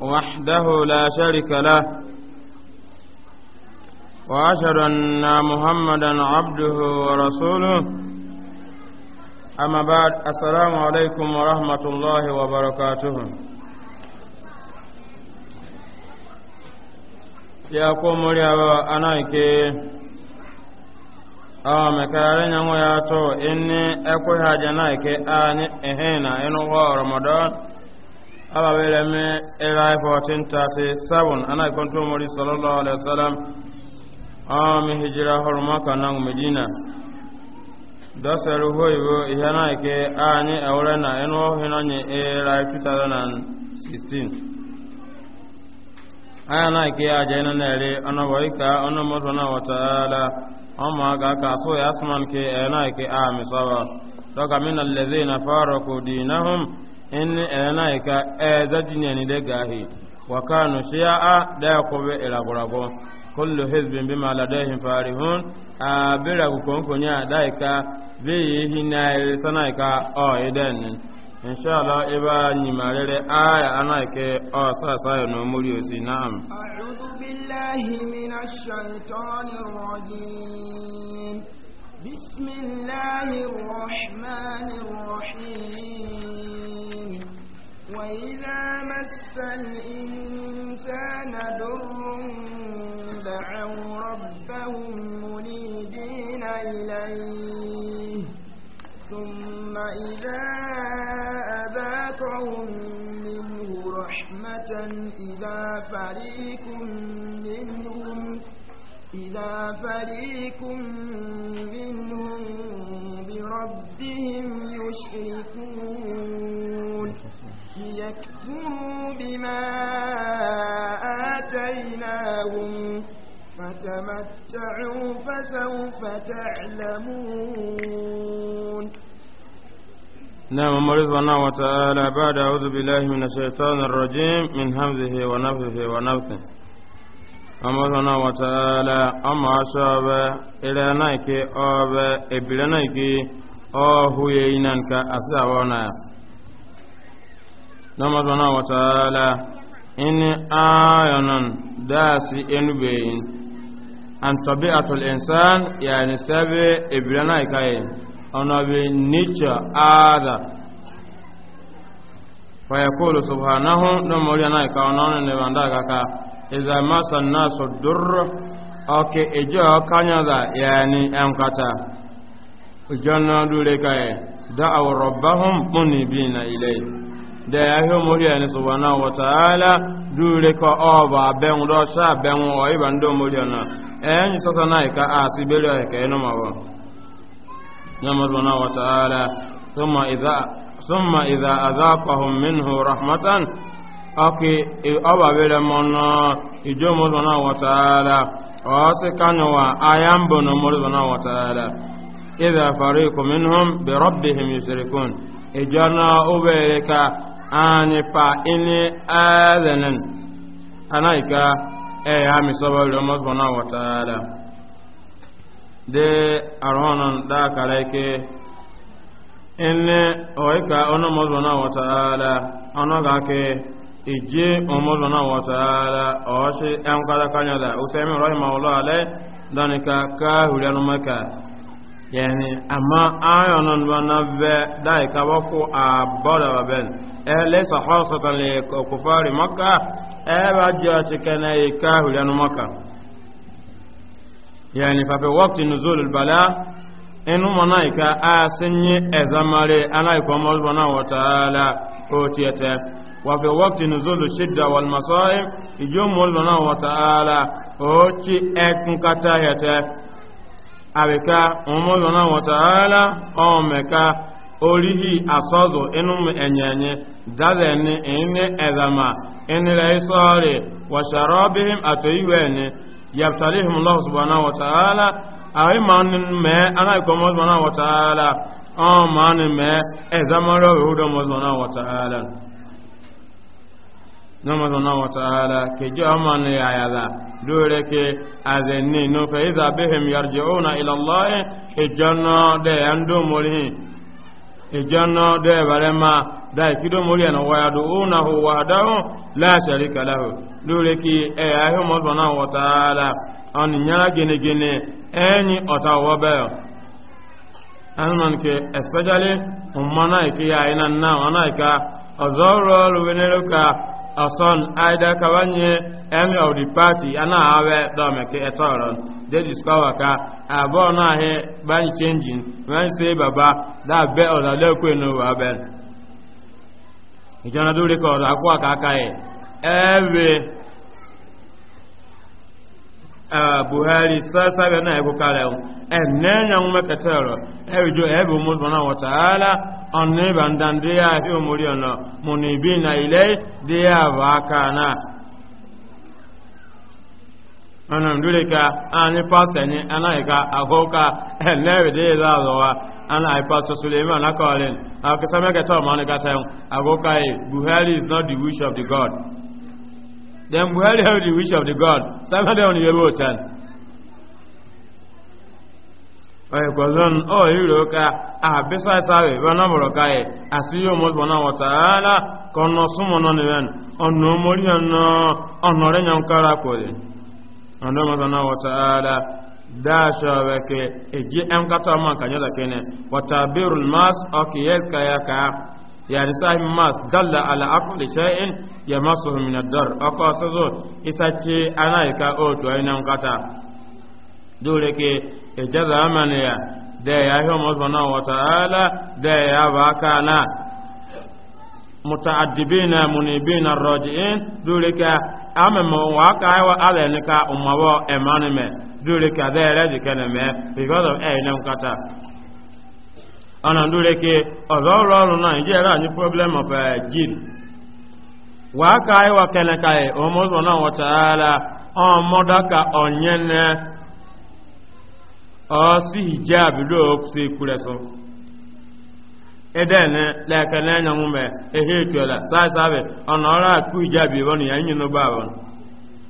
وحده لا شريك له وأشهد أن محمدا عبده ورسوله أما بعد السلام عليكم ورحمة الله وبركاته يا قوم يا أنايك awa mekare nyango ya to inni ekwe haja naike ani ehena inu wa aba wele me era 1437 ana kontu mori sallallahu alaihi wasallam ami hijira horma kanan medina dasaru hoyo ihana ke anyi awre na eno hinanye era 2016 aya na ke aje na nere ono ka ono moto na wataala amma ga ka so yasman ke ena ke ami sawa daga dinahum in elana ika eza ni de gahi wa kanu shi'a da kobe ilagurago kullu hizbin bima ladaihim farihun a bira ku konfonya da ika be yi na sana ika o idan insha Allah iba nyimarere aya anaike o sa sa no muri osi na'am a'udhu billahi minash shaitanir rajim بسم الله الرحمن الرحيم وإذا مس الإنسان ضر دعوا ربهم منيبين إليه ثم إذا أذاقهم منه رحمة إذا فريق منهم إذا فريق منهم بربهم يشركون تمتعوا فسوف تعلمون نعم مرضنا وتعالى بعد أعوذ بالله من الشيطان الرجيم من همزه ونفثه ونفثه أمرنا وتعالى أما أشاب إلى نايك أوب إبلا نايك أوهو يينانك أسعونا نعم وتعالى إني آيانا داسي إنبين an tabi'atul insan yani sabe ibrana ikaye ona be nature ada fa yaqulu subhanahu no mori na ka ona ne banda kaka iza masa nasu durr oke ejo kanya da yani amkata ujana dure kaye da'aw rabbahum munibina ilayhi da ya hi omori ya ni subhanahu wa ta'ala dure ko oba benwo sha benwo oiba ndo omori na ẹ̀yìn sọ́sọ́ náà ìka àti ìbẹ̀rẹ̀ ẹ̀kẹ́ inú ma wọ́n náà mọ́ sọ́nà wata ààrẹ súnmà ìdá àzákọ̀hùn mínú rahmatan ọkì ọba bẹ̀rẹ̀ mọ́ náà ìjọ mọ́ sọ́nà wata ààrẹ ọ̀ọ́sì e ya mi saba lo mo fona wa taala de arhonon da kala ke enne oika ono mo wa taala ono ga ke ije omo wa taala o se en kala kanya da ka e maka yani amma ve a bada kufari eba jati kana ikahu lanu maka yani fa fi waqti nuzul albala inu manaika asinye ezamare anai ko mo bona wa taala o tiete wa fi waqti nuzul shidda wal masaib ijum mo wa taala o ti ekun kata yete wa taala o orihi asọzụ inum enyenye daleni ine ezama inire isori washarobihim atoiweni yabtalihim allah subhanahu wa ta'ala ayi manin me ana ko mo subhanahu wa ta'ala o manin me ezama ro hudo mo subhanahu wa ta'ala nama subhanahu wa ta'ala ke jo man ya yala ke azenni no fa iza bihim yarji'una ila allah ijanna ijanna da barema da kido muriya na waya do una hu wahdahu la sharika lahu dole ki e ayi mo sona wa taala on nyara gene gene eni ota especially ya na ason aida kawanye emi of the party ana awe da meke etoron they discover ka abo na he ban changing when say baba da be o da lekwe no wa ben ijana dure ko akwa kwa ka kai every Ah, buhari sasa bɛ na eko kala o ɛnɛ eh, nyaŋmɛ kɛtɛrɔ ɛbi eh, jo ɛbi eh, omo sɔnna wa taala ɔnne ban dan de ya fi omori ɔnɔ muni bi na ile de ya aka kana ɔnɔ ndure ka ani ah, pastor ni ana yi ka afɔ ka ɛnɛ bi de ye la zɔ wa ana yi pastor suleiman akɔlen akisɛmɛ kɛtɛ ɔmɔ ni ka tɛ o afɔ ka ye buhari is not the wish of the god. Then where have the wish of the God? Somebody on your boat and ọ̀yẹ̀kọ̀zọ́n ọ̀yẹ̀rọ ka àbísà ìsáwẹ̀ ìbánàbọ̀rọ̀ káyẹ̀ àti yóò mọ́ ṣùgbọ́n náà wọ̀ta ààlá kọ̀nà súnmọ̀nà nìyẹn ọ̀nà mórí ọ̀nà rẹ̀yàn kára kọ̀lẹ̀ ọ̀nà mọ́ṣùgbọ́n náà wọ̀ta ààlá dasha ah, wake eji eh, em kata man kanya da kene wata birul mas okiyes ya ka yani sahibi mas dalla ala akli shay'in yamassuhu min ad-dar aka sazo isace anaika o to ainan kata dole ke ijaza amana ya da ya yi wa subhanahu wa ta'ala da ya ba kana muta'addibina munibina raji'in dole ka amma wa ka wa ala ne ka umma wa emanime dole ka da ya because of ainan kata ana ke ọzọ ọrụ ọrụ na nigeria anyị problem of jin eh, wàá ka ayé wa kẹlẹ ka yẹ náà ara ọmọdé ka hijab ló ṣe kúrẹ sọ ẹdẹ ní lẹkẹ náà nyọmú mẹ ehe tuẹlẹ sáà sábẹ ọ̀nà ọ̀rọ̀ hijab ń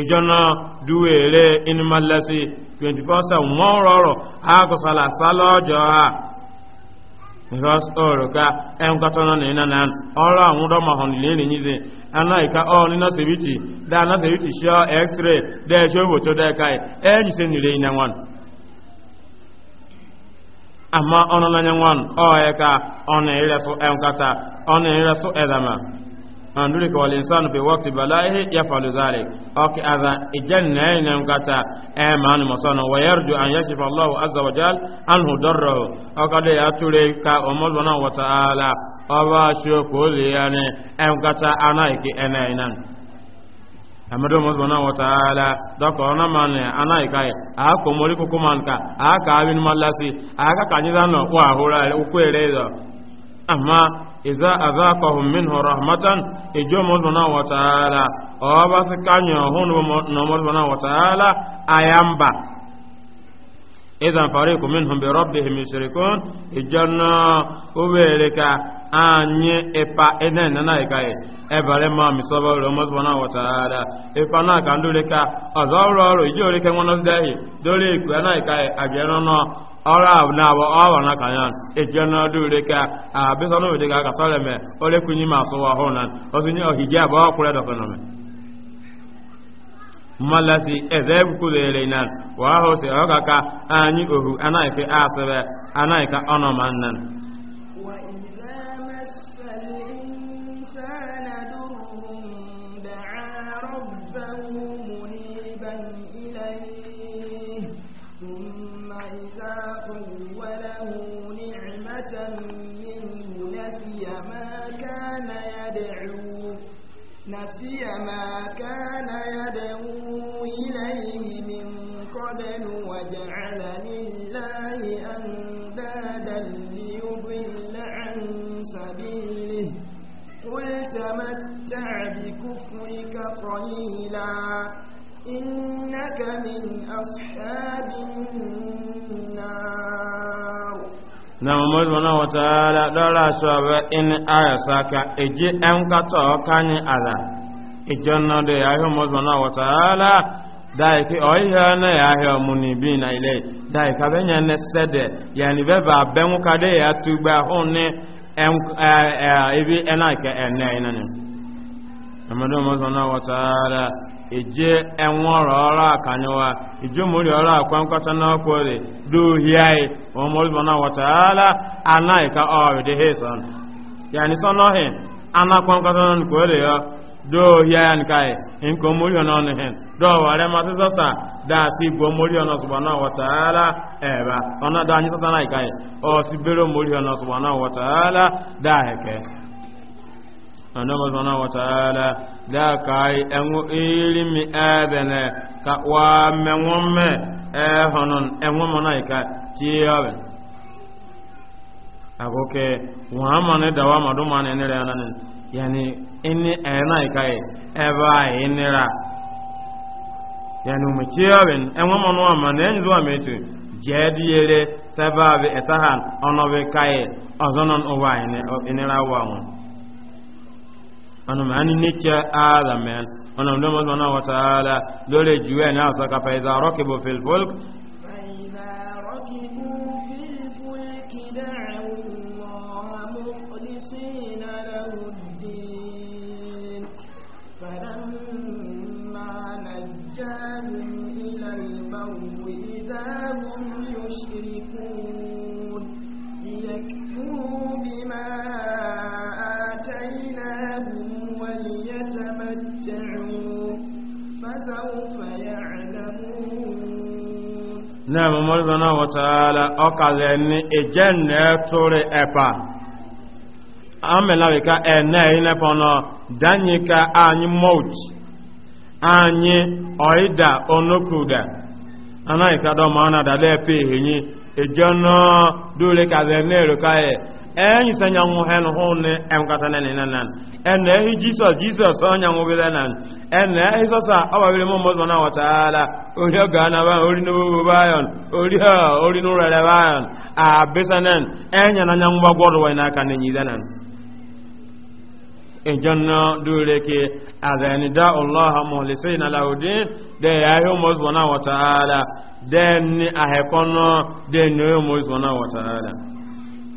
ijona duwere inimalasi 24/7 mọrọrọ agụsala sala ọjọọ ha because ọrọ ka ẹnkatọ́nà náà ọrọ àwọn ọdọ́mọ̀hàn lẹ́rìn yìí aná ìka ọ nínú sèbìtì dá aná ṣọ́ x-ray dá ẹṣọ́ ìwòtó dá ẹka ẹ̀yìn an duri ka wal insanu fi waqti balaihi yafalu zalik ok aza ijan nay nan kata e man masana wa yarju an yakshifa Allah azza wa jal anhu darrahu ok ade ya ture ka omol wana wa ta'ala aba shoko liyane en kata anaiki enainan amadu musbana wa ta'ala doko ona man anai kai a ko mori ko kuman ka a ka abin malasi a ka kanyi zan no ko amma iza azaqahum minhu rahmatan ijo mọduna wa ta'ala o ba se kanyo hunu mọduna wa ta'ala ayamba idan fariqu minhum bi rabbihim yushrikun ijanna ubelika anyị ịpa ene nana ikaye ebere ma misọba ụlọ mọsụba na wọtara ịpa na aka ndị ka ọzọ ọrụ ọrụ iji orike nwanọ dehi dole iku na ikaye abịara ọnụ ọrụ na abụ ọrụ na ya ọdụ ka abịsọ na ga-aka sọrọ eme ma asụwa ọhụrụ na nye ohiji abụọ ọkwụrụ mmalasi eze ohu anaghị asịrị na mɔmɔdi na náà dọla la abụọ sọ bẹ ẹni ayọ̀ saka èjì ala kányi àlà ìjọ náà dẹ ayọ̀ mɔmɔdi wọn náà wọta la dáì kí ọ̀yẹ́ náà yà áhẹ́ ọmọ níbí iná ilẹ̀ dáì kábẹ́ ije enwọrọ ọrụ akanyewa ijumuri ọrụ akwankọta n'ọkwọre duhiai ọmọlụbọna wataala anaghịka ọrịdị hesan ya nisan ọhịa anakwankọta n'ọkwọre ya dohiai nkai nke omori ọnụ ọnụ hen dọwara masị sọsa daasị bụ omori ọnụ ọsụgbọna wataala eba ọnụ adọ anyị sọsa naghịkai ọsibere omori ọnụ ọsụgbọna wataala daahịke annabi subhanahu wa ta'ala da kai enwo ilimi adana ka wa menwomme e honon enwo monaika tiyawe agoke wa amane dawa ne ne ranan yani inni enaika e eba inira yani umtiyawe enwo amane ametu etahan onobe kai ozonon owa inira wa anum ani nicca aada men onam ɗomo subhanahu wa taala lore juwe ne asaka fa ida rakibu fi lfulk subhanahu wa ta'ala ọkàlẹ̀ ní ìjẹ́ nẹ́ tóri ẹ̀pà amẹ́láwìká ẹ̀nẹ́ ìlẹ́pọ̀nà dányíká anyị mọ́t anyị ọ̀ịda onukuda anáyíká dọ́mọ́ ọ́nà dàdẹ́ pè èyí ìjọ náà dúró kàlẹ̀ ní èrò káyẹ̀ enyi sa nyanwu hen hunne em kata na nanan en ehi jesus jesus o nyanwu bele nan en ehi sosa awa bele mo na wataala na ga na ba ori no bo bayon ori ha ori no rere bayon a besanen enya na nyanwu na we na aka nenyi zanan ejanna dole ke azani da allah muhlisina lahu din de yahi mo na wa ta'ala den ahekono den no mo na wa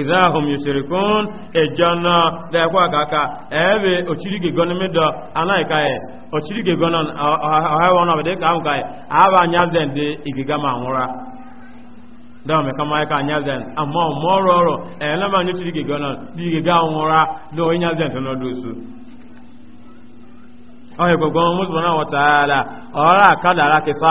idahum yusirikun ejana lekwa kaka ebe ochirige gonimi e e do anai kai ochirige gonon ohewa na bede ka kai aba nyazen de igigama nwura dɔw mɛ kama ka nya zɛn ama o mɔrɔrɔ ɛn lɛ ma nyɛ tiri gɛgɛ nɔ tiri gɛgɛ ŋɔra dɔw nya do so ɔyɛ gbɔgbɔn musu na wɔ taa la ɔra kadara kisa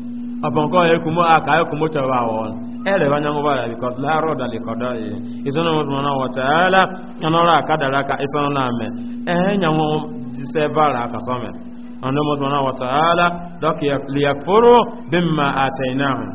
abanko ye kumo aka ye kumo tawa won ele banya ngobara because la roda li koda e isono mo na wa taala anora kadara ka isono na me e nyanwo se bara ka some ando mo na wa taala dok ya liyakfuru bimma atainahum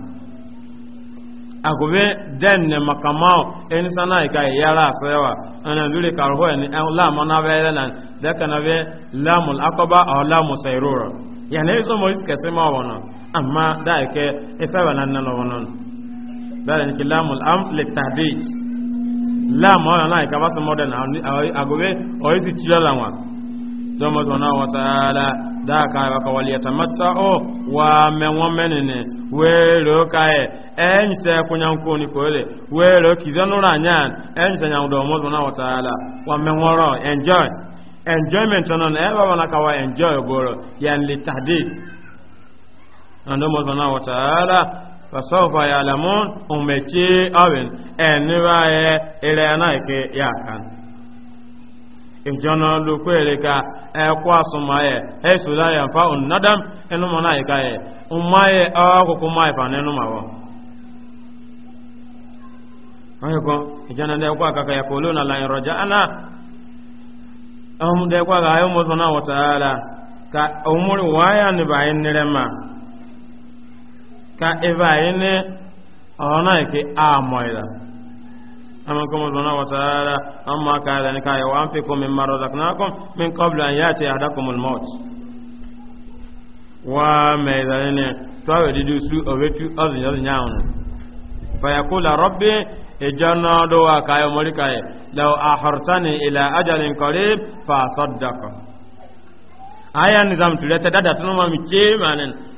agobe den ne makamao en sana ika yara asewa ana lule karho en la mana na nan daka na be lamul akaba aw lamu sayrura yani isomo iskese ma wana amma da ke isaba nan nan wannan da ne lamul am litahdid lam wala na ka basu modern agobe o yisi tira lanwa don mo zona wa taala da ka ba ka wali yatamatta o wa men won menene we ro ka e en se kunyan ko ni ko le we ro kizanu ranyan en se nyan do mo zona wa taala wa men won ro enjoy enjoyment on e ba ka wa enjoy goro yan litahdid ando mo zona wa taala ya ya'lamun umechi awen eniwa ye ere na ike e, e, ya kan ijona kwere ka asuma ye e ya fa un nadam enu na ika ye akuku mai fa nenu mawo ayo ya kuluna la de kwa ga ka ibayini ọ̀nà ìkè àmọ̀ ìlà أمن كم سبحانه وتعالى أما قال لك وأنفقوا مما رزقناكم من قبل أن يأتي أحدكم الموت وميزانين تاوي ديدو سو أويتو أذن يذن يعون فيقول ربي إجانا دوا كايو موليكاي لو أحرتني إلى أجل قريب فأصدق آية نظام تلاتة دادا تنوما مكي مانن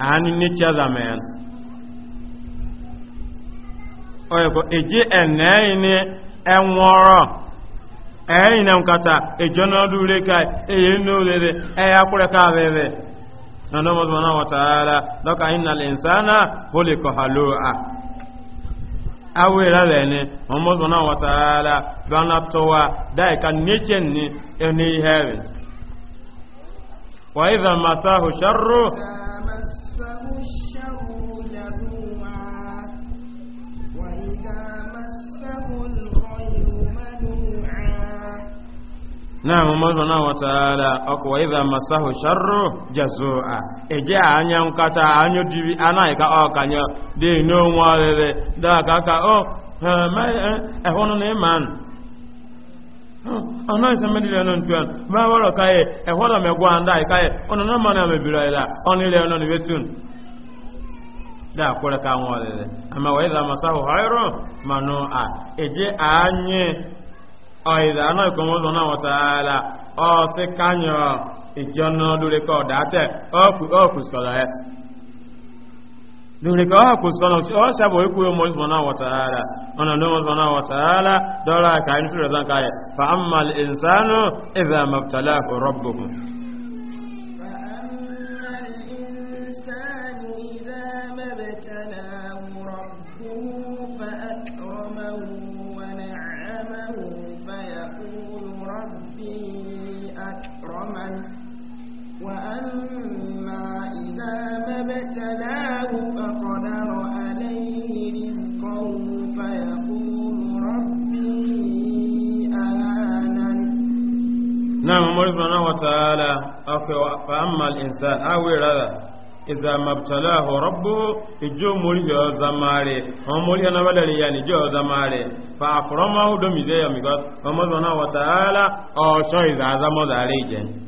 ani ni chaza men oye ko eji ene ni enworo eyi na nkata ejo na odu ure ka eye nne olere eyi akwure ka abebe na ndo mọdụ mana wataala dọka inna linsana huliko halua awera lene mọdụ mana wataala bana towa dai ka nece ni ene ihe wa idha masahu sharru náà mọ́ sọ náà wọ́tàálà ọkọ̀ ìzà masáhù ṣarrò jẹ́sù a, ẹjẹ́ àányá ń kátà àányó dìbí anáìká inú wọn rẹ̀rẹ̀ dákàkà ọ ẹ̀họ́nù ní ìmàn ọ̀nà ìsẹ́mẹ́dìlẹ̀ ọ̀nà ìtùwẹ̀n bá wọ́rọ̀ ọ̀ìdà náà ìkọmọ́ lọ́nà wọ̀tàálà ọ̀ọ́sí kányọ̀ ìjọ́nà lórikọ̀ dátẹ̀ ọ̀pùsùkọ̀lọ̀ ẹ̀ lórikọ̀ ọ̀pùsùkọ̀lọ̀ tí ó sẹ́bọ̀ ikú yóò mọ́sùmọ̀ náà wọ̀tàálà ọ̀nà ló mọ́sùmọ̀ náà wọ̀tàálà dọ́ra fúrẹ̀ sàn káyẹ̀ ففتناه فقدر عليه رزقه فيقول ربي أهانن نعم مولى سبحانه وتعالى فأما الإنسان أو رذا iza mabtalahu rabbu ijo muri yo zamare on muri na balari yani jo zamare fa akramahu do mize ya migot fa mazana wa ta'ala o so iza zamo zare jen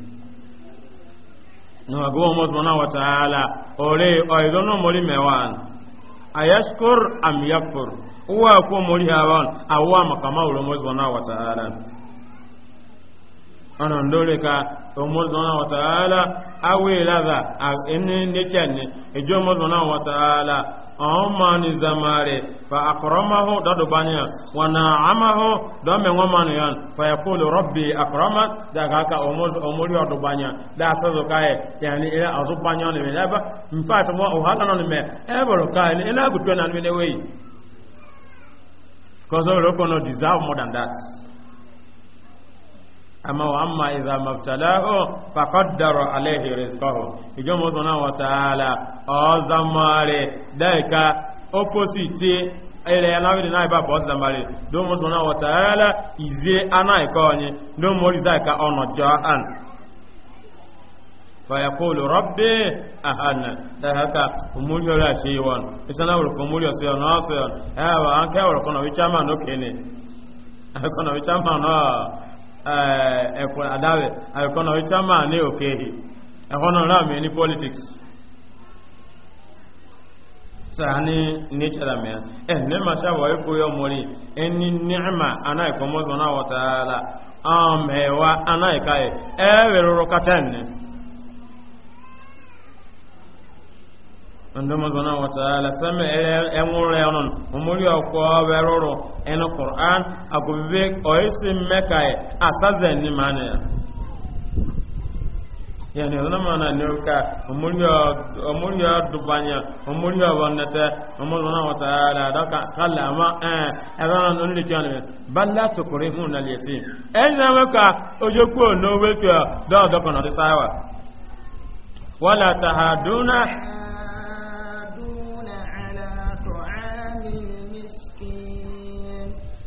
nima gowa mosmana wa ta'ala ore oidono mori mewan ayashkur am yakfur uwa ko mori hawan awa makama ulo mosmana wa ta'ala ana ndole ka omozona wa ta'ala awe ladha enne nechane ejo mozona wa ta'ala ọmọnì zamari fa akọrọmahụ dọdụbanya wa na amahụ dọme nwamanụ ya fa ya kulu rọbbi akọrọma daga aka omori ọdụbanya da asọzụ kaị ya ni ila azụbanya ọnụ mere ebe mfe atụmọ ọhada nọ n'ime ebere kaị ni ila agụtụ na mmiri eweghị kọzọ rọkọ nọ deserve more than that ama wa amma idha mabtalahu faqaddara alayhi rizqahu ijo mo dona wa taala o zamare daika opposite ele ana wi na ba bo zamare do mo dona wa taala ize ana iko ni do mo ri zaika ono jahan fa yaqulu rabbi ahana haka umuri ora sheiwan isana wor ko muri oso na oso ha wa an ka wor ko no wi chama no kene ko ẹ̀kọ́ àdáwẹ̀ àìkọ́nà ìtàmà ní òkè ẹ̀kọ́nà ráàmì ní politics sani ní ìtàdàmẹ́ ẹ̀ nẹ́mà sábà ẹ̀kọ́ yọ mọ́rí ẹni nẹ́mà anáìkọ́mọ́sọ̀ náà wọ́tàrà àmẹ́wà anáìkáyẹ̀ ẹ̀ẹ́rẹ̀ rọrọ kátẹ́ẹ̀ni ndoma zona wataala same enwure e onon omuri okwo beroro eno qur'an agobe oisi mekai asazen ni mane yani ona mana nyoka omuri omuri dubanya omuri wonnete omuri zona wataala daka kala ma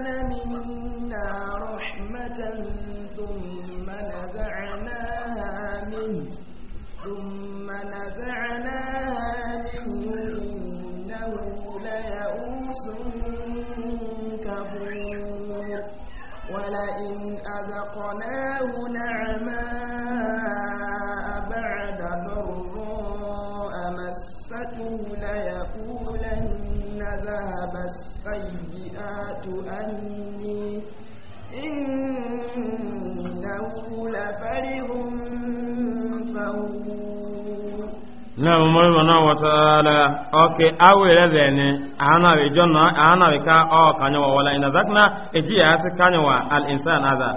آمن من na mmụọ mmụọ na wataala oke awere zene ana bi jonna ana bi ka o kanyo wala ina zakna eji ya se kanyo wa al insan ada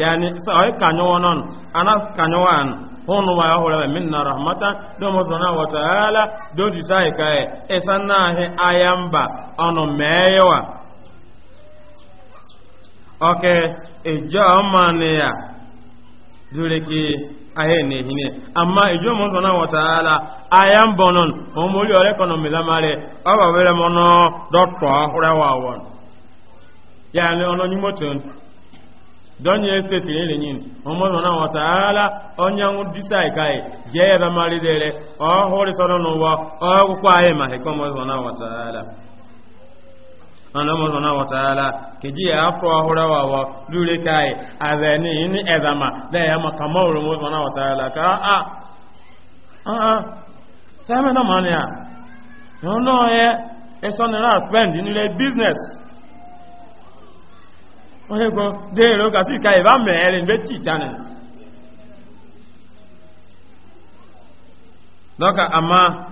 yani so ay kanyo wonon ana kanyo wan hono wa hola minna rahmata do mo zona wataala do di sai kai esanna he ayamba ono meyewa oke ejo mania dureki ahe ne hine amma ijo mo sona wa taala ayam bonon o mo yo re kono mila mare o ba bere mo dotto ahura wa won ya le ono ni motun don ye se ti le nyin o mo sona wa taala onya ngu disai kai je ya ba mare dere o hore sono no wa o ku kwa ma he ko mo sona wa taala ana mo sona wa taala ke ji ya afro ahura wa wa lure kai azani ni ezama da ya maka mawru mo sona wa ka ha. Ah, ah. ah, a a sama na mania no no ye e so na spend ni le onye oh, o he go de ro ka si kai ba me ele ama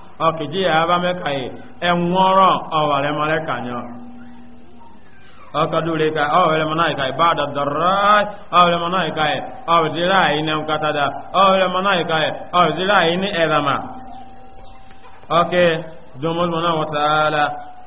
ọkìjì àbá mẹ́ka ị ẹ̀wọ̀nrọ̀ ọ̀wàrẹ̀ mọ́lẹ̀ kànyọ́ ọkọ̀dúrẹ́ ka ị mọ́nà ìka yìí báàdà dọ̀rọ̀ ọ̀wẹ̀rẹ̀ ọ ìka na ọ̀wẹ̀dìrà yìí ní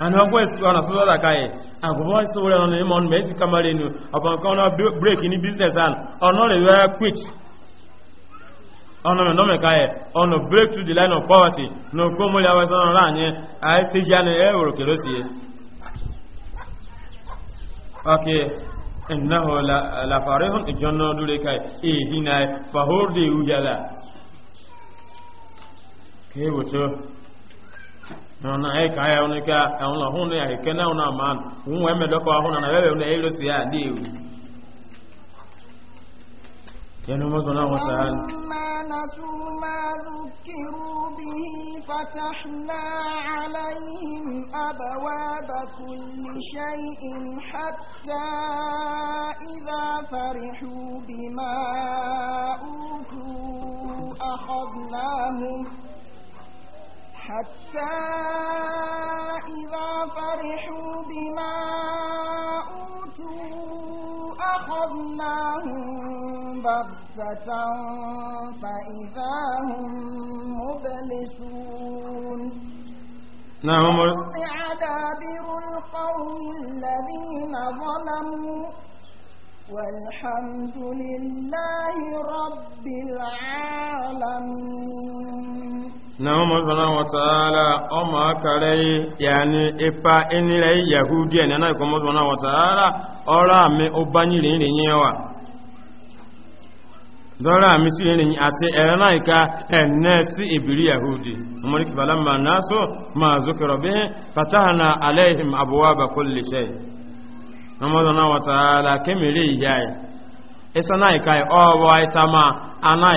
and wọn kó èsì ọ̀nà sọ́dọ̀ dàka yẹ àgùnbọ̀ ìṣòwò ẹ̀rọ ní mọ̀ mẹ́sì kamari ni ọ̀bọ̀n kan náà break ní business and ọ̀nà rẹ̀ wẹ́ quit ọ̀nà mẹ́nọ́ mẹ́ka yẹ ọ̀nà break through the line of poverty ní okó múlẹ̀ awẹ́sẹ̀ ọ̀nà rà yẹn àyè tí yá ni ẹ̀ wòrò kèrè sí yẹ. ok ìnáwó làfàrí hàn ìjọ́nà lórí ká èdè náà fàhóòdè ìwúyàlà kéwòtó na ai eh, ka ya ne ka an la hun ya eh, ke na una man un we me doko hun na we ne ilo si ya di u ya no mo na wa sa ma na su ma bihi fatahna alaihim abwaaba kulli shay'in hatta idha farihu bima utu akhadnahum حتى إذا فرحوا بما أوتوا أخذناهم بغتة فإذا هم مبلسون نعم وقطع دابر القوم الذين ظلموا والحمد لله رب العالمين na ọmọ na wọ̀tàálà ọmọ akàrẹ ipa ẹnìrẹ yahudi ẹ̀ nínú ìkọ́ na wọ̀tàálà ọ̀rọ̀ àmì ọba nyìrì rìn yẹn wà dọ́rọ̀ àmì sí rìn àti ẹ̀rọ náà ìka ẹ̀nẹ́ si ìbìrí yahudi ọmọdé kìfàlà máa náà sọ máa zókèrò bí fatahana aláìhìm àbúwá bàkó lè ṣe ọmọ sọ́nà wọ̀tàálà na ìyá ẹ̀ ẹ̀sán náà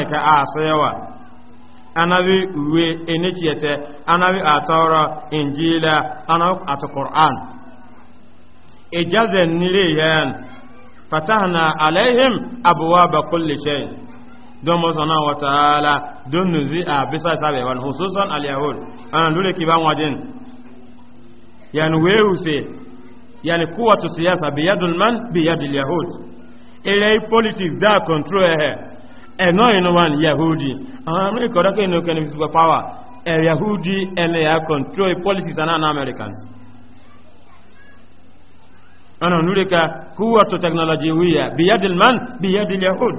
ìka anabi uwe enechiyete anabi atọrọ injila anabi atọ qur'an ijazen nile yan fatahna alaihim abwaaba kulli shay don mo sana wa ta'ala don nuzi a bisa sabe wal hususan al yahud an lule kiban wajin yani wehu se yani kuwatu siyasa biyadul man biyadil yahud ilay politics da control ehe annoying eh, one Yahudi. America ọ̀dọ́ kí ni kẹ́ni fi super power ẹ̀ eh, Yahudi ẹ̀lẹ́ yà control politics and an American. Ọ̀nà nure ka kúwà technology wíyà biyadilman, biyadil Yahud.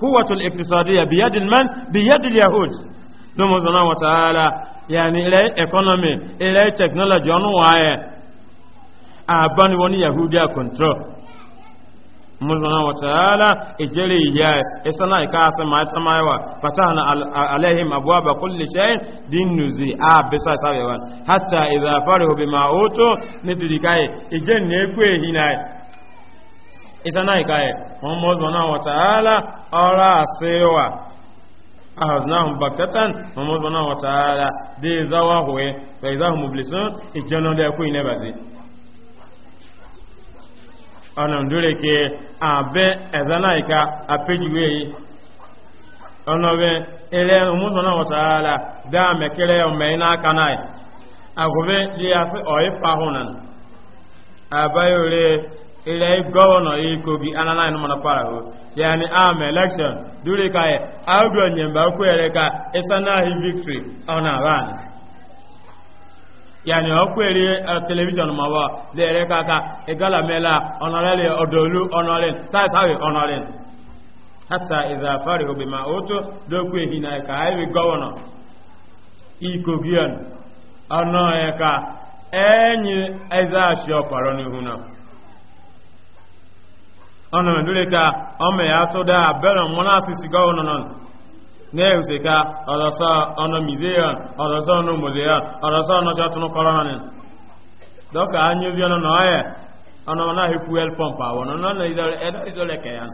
Kúwà tó ìfisàdíyà biyadilman, biyadil Yahud. Lọ́mọ sọ̀nà wọ̀ tààlà yàní ilẹ̀ economy ilẹ̀ technology ọ̀nù wáyẹ̀ àbániwọ̀ ní Yahudi à control. mulmana wa ta'ala ijere iya isana ika asa ma ta maiwa fatahna alaihim abwaba kulli shay din nuzi a bisa sabewa hatta idza farihu bima utu nidirikai ijen ne ku ehina isana ika e mulmana e. e, wa ta'ala ora sewa ahaznahum baktatan mulmana wa ta'ala de zawahu fa hum mublisun ijen ku ọnọdụle kee abe eze na-ayịkà apidiwee ọnọdụ elee ọ mụsọ n'ọsọala dee ama ekele ọ ma ị aka na-ayị dị ya sị ọ ị fa hụ na-na abayọrịa elee gọvanọ ị kọbi ananị ọ ma ị kọhi ọ ya na-ama elekshọn dụle ka a ụdọ nye mbawu kweere ka ịsa na victory ọ na-aba anyị. yani o kwere eh, television ma wa lere kaka igala mela onorele odolu onorin sai sai onorin hatta idha farihu bima utu dokwe hina ka ai governor ikogian ana eka enyi idha shio paro ni huna ka na-ewuseka ọdọsọ ọnọ museum ọdọsọ ọnọ museum ọdọsọ ọnọ chọtụnụ kọrọ ha dọka anyị ozi ọnọ na ọya ọnọ naghị fuel pump awọ nọ nọ na idọrọ eke ya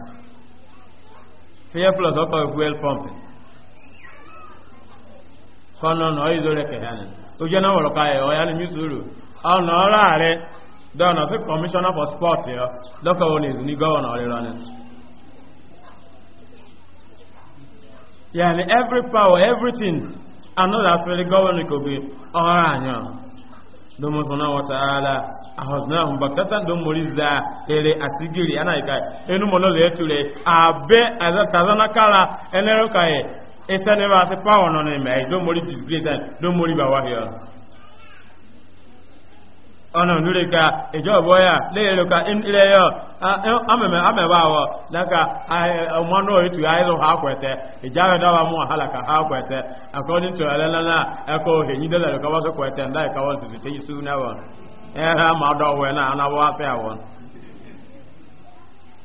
fuel plus ọkọ fuel pump kọ́nà náà ìdórè kẹ̀yàní tó jẹ́ náà wọ̀lọ́ka ẹ̀ ọ̀yá ni mísùrù ọ̀nà ọ̀rá rẹ̀ dọ̀nà sí kọmíṣánná for sport yọ lọ́kọ̀ọ́ ní ìzú ní na ọ̀rẹ́rọ̀ ni yani every power everything another asịrị gọvanọ ikobe ọhụrụ anya domo sona wata ala ahozna hum baktatan dom moriza ele asigiri anaika enu mono letule abe azatazana kala enero kai esene ba se power no ne i dom mori disgrace dom mori ba here ọ̀nà nure ka ejo ya le ka in ya yo ameme ameba wo laka ọmọ no ya ai ha kwete ijara da mụ mu ka ha kwete according to alala eko henyi de ka wa kwete ndai ka wa su na wa era ma ọdọ na asị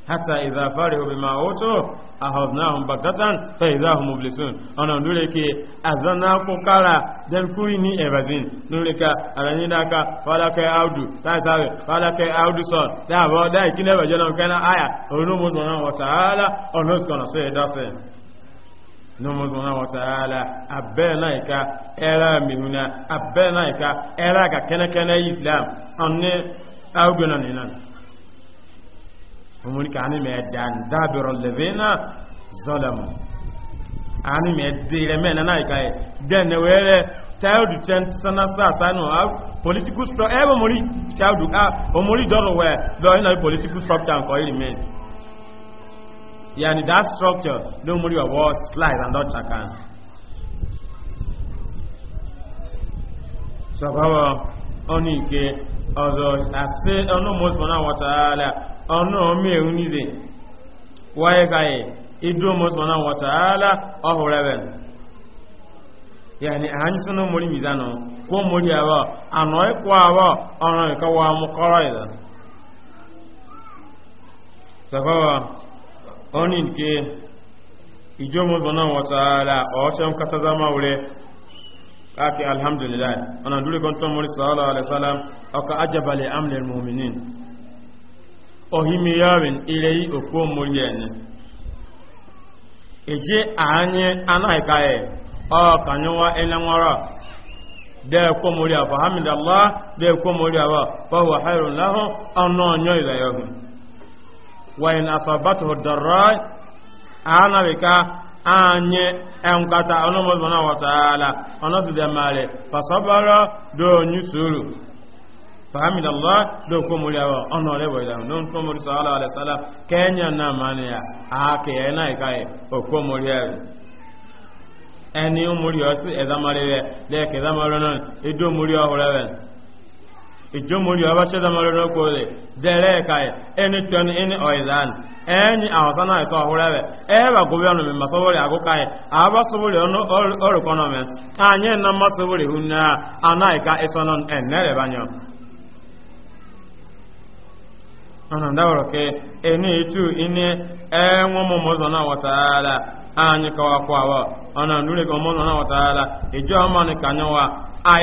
hata idha farihu bima utu ahadnahum bagatan fa idha hum mublisun ana nure ke azana ko kala den kuri ni ebazin nure ka arani da ka fala kai audu sai sai fala kai audu so da ba da kine ba jana kana aya onu mu zona wa taala onu skona sai da sai nomo zona wa taala abbe naika era mihuna abbe naika era ga kene kene islam anne audu na ni mun kani me dan dabirul ladina zalamu ani me dire me na nai kai e. den ne were tayo du tent sana sa sa no a political structure e bo mori tayo du a o mori doro we do ina political structure ko iri me yani that structure do mori wa was slice and not chakan so baba oni ke ọzọ asị ọnụ mọsụmọna wọtaala ọnụ omewu nize waye gaye na mọsụmọna wọtaala ọhụrụ ebe yani anyị sị na mmiri nọ. kwuo mmiri abụọ anọ ịkwụ abụọ ọrụ nke wa mụkọrọ ịza sabawa onye nke ijo mọsụmọna wọtaala ọchọ nkata zama wure ake alhamdulillah ona dure kon to mori sallallahu alaihi wasallam aka ajaba li amli almu'minin o himi yawen ilei o ko mori ene eje anye anai kae o kanyowa ene nwara de ko mori afa hamdallah de ko mori afa fa huwa khairun lahu anna nyo ila yahu wa in asabathu darra ana bika anyị enkata ọnụmọdụmọna wataala ọnọsidemare fasọbara donyi suru fahamid allah do ko muri awa ono le boyda non ko muri sallallahu alaihi wasallam kenya na mania ake ena kai o ko muri awa eni o muri osi ezamare le ke zamaro non edo muri ọhụrụ ben ijomori ọba ṣe zama lórí ọkọ rẹ̀ dẹ̀rẹ́ ẹ̀ka ẹni tẹni ẹni ọ̀ìlàn ẹni àwọ̀sán ẹ̀kọ́ ọ̀húrẹ́ rẹ̀ ẹ̀bà gobi ọ̀nà mi agụ ka ẹ̀ àbá sọ́wọ́rì ọ̀rùkọ́nà anyị àyẹ̀ ẹ̀nà masọ́wọ́rì hùn náà na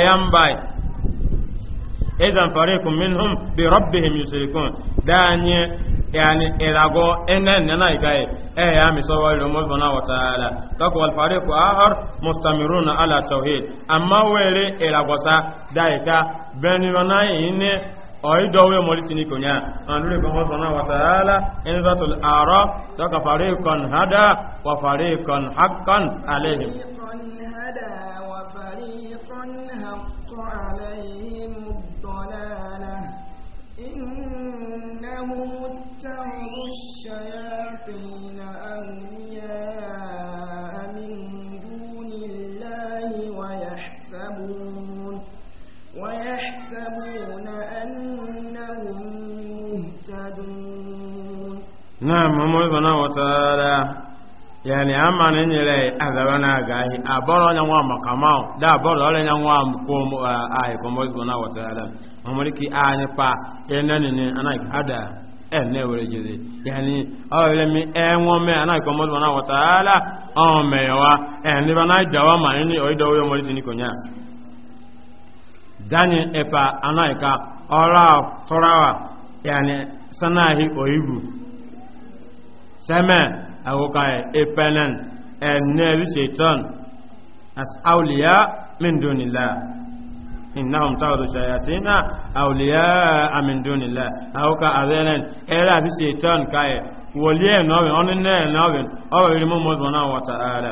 ke ka idan fariqun minhum bi rabbihim yushrikun danye yani irago enen nana igaye e ya mi so wa lomo bona wa taala tako wal fariqu ahar mustamiruna ala tauhid amma wele irago sa daika beni wana ine oidowe molitini konya andure bongo bona wa taala enzatul ara taka fariqan hada wa fariqan haqqan alaihim hada wa fariqan haqqan na mmụọ ịbana ya ni a ma na nyere azaba na agaghị abọrọ onye nwa maka ma da abọrọ ọrịa onye nwa kwom ahị kọmọ ịbana wọtara mamaliki anyị pa enenene anaghị ada ene were jere yani mi me anaghị kọmọ ịbana wọtara ya ene bana jawa ma ni ọidowo yomori tinikonya danye epa yani oibu sɛmɛ awokaye epɛnɛn ɛnɛbi seitan as awliya min dunila innahum tawadu shayatina awliya min dunila awoka avɛnɛn ɛra bi seitan kaye wòlíẹ̀ nọ́ọ̀bìn ọ́nínẹ́ẹ̀ nọ́ọ̀bìn ọ̀rọ̀ ìrìmọ́ mọ́sùmọ́ náà wọ́ta ààrẹ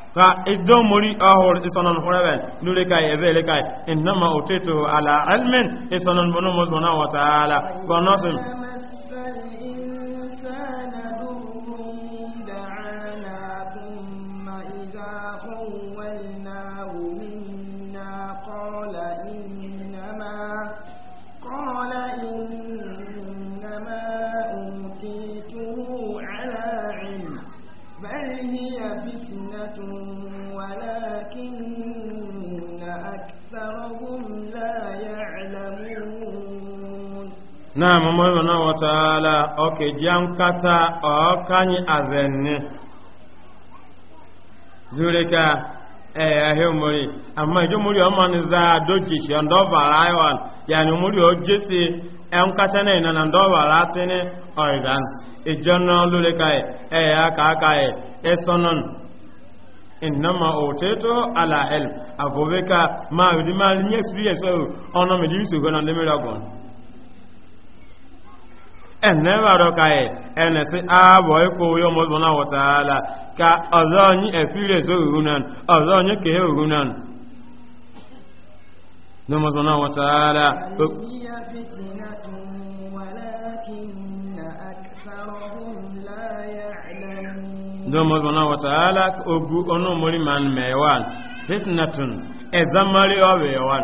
ka idon muri ahor isonon horeben nure kai ebele kai innama utitu ala ilmin isonon bono mozona wa ta'ala gonosim na mọmọlẹ́wọ̀n náà wọ́ta ala ọkè jẹun kata ọ̀ọ́kányí àzẹ̀ni zurika ẹ̀yà ahẹ́mọ́rí àmọ́ ìjọ múrí ọmọ ní záà dójìṣẹ́ ọ̀dọ́bàrá ẹ̀wọ̀n yàní múrí ọ jésì na kata náà ìnana ọ̀dọ́bàrá tí ní ọ̀ìdán ìjọ náà lórika ẹ̀yà kàákà ẹ̀ ẹ̀sọ́nà innama oteto ala help abubakar ma widi ma ni experience ọ̀nà mi di bisu gbọ́nà ndé mìíràn gbọ́nà ene baro enesi ene si abo iko yo mo bona wa taala ka ozo ni experience ohunan ozo ni ke ohunan no mo bona wa taala no mo bona wa taala ogu ono mori man mewan fitnatun ezamari obewan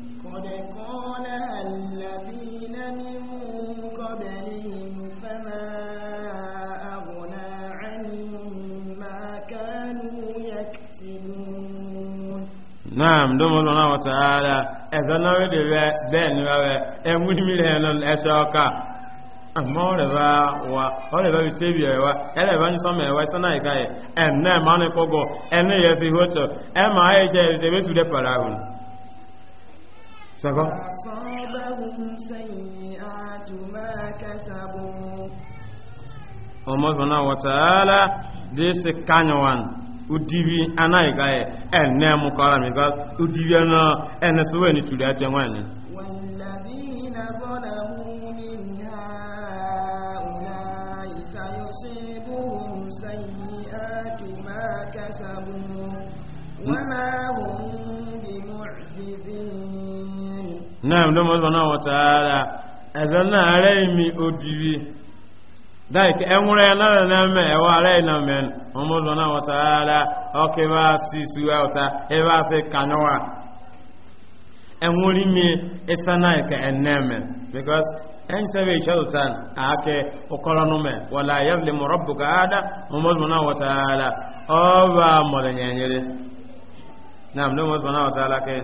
naam domo lona wa taala ezana we de ben we e muni re non esoka amma ah, ore ba wa ore ba bi sebi e wa ele ba nso me wa sana ika e enne e, e ma ne kogo enne ye si hoto e ma e je de be su de paraun sako sabahum sayiatu ma kasabu omo udibi anaghị gaghị ene mụ kọrọ m ga udibi na ene sowe ni tụrụ ete nwaanyị والذين ظلموا من هؤلاء سيصيبهم سيئات ما كسبوا وما هم بمعجزين نعم لما سبحانه وتعالى أذن عليهم أدبي like enwere ya nara e na mme ara ina men ọmụzọ na wọtara ọka ebe asị isi wọta enwere ime ịsa na ike enne eme because ẹn sẹ́bẹ̀ ìṣẹ́lùtàn àákẹ́ ọkọ̀rọ̀nùmẹ̀ wọ̀lá yẹ́fìlì mọ̀rọ̀bù káàdá ọmọdún wọ̀tàrà ọba mọ̀lẹ̀nyẹ̀nyẹ̀rẹ̀ náà mọ̀lẹ̀nyẹ̀rẹ̀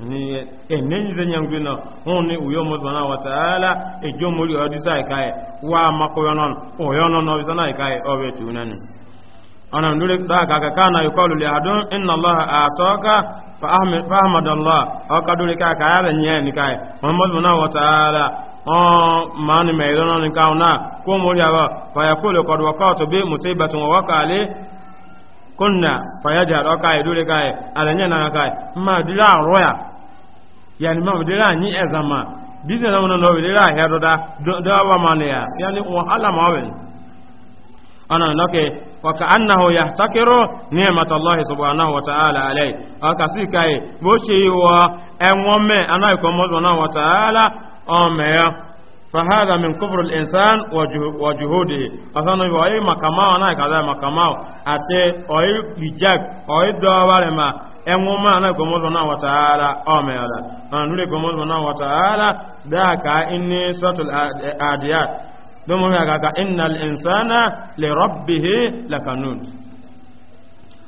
ni enen zenyangu na honi wa taala e jomuri odisa ikaye wa makoyonon oyonon no ikaye obe tunani ana ndure da kaka kana yukalu li hadun inna allaha ataka fa ahmad fa ahmad allah o ni kai muhammad wa taala mani me ko fa yakulu qad waqatu bi musibatin wa kunna fayajal okai dure kai alanya na kai ma dira roya yani ma dira ni ezama ya na wono no dira ya da do ya ya ni wa ala mawen ana nake wa ka annahu yahtakiru ni'matallahi subhanahu wa ta'ala alai si kai bo shi wa enwo me ana ko mo wa ta'ala o me فهذا من كفر الإنسان وجهوده أصلا وأي مكما أنا كذا مكما أتى أي بجاك أي دوار ما أمو ما أنا كموز بنا وتعالى أمي على أنا نقول كموز بنا وتعالى ذاك إني سات الأديات دوم هيك إن الإنسان لربه لكنون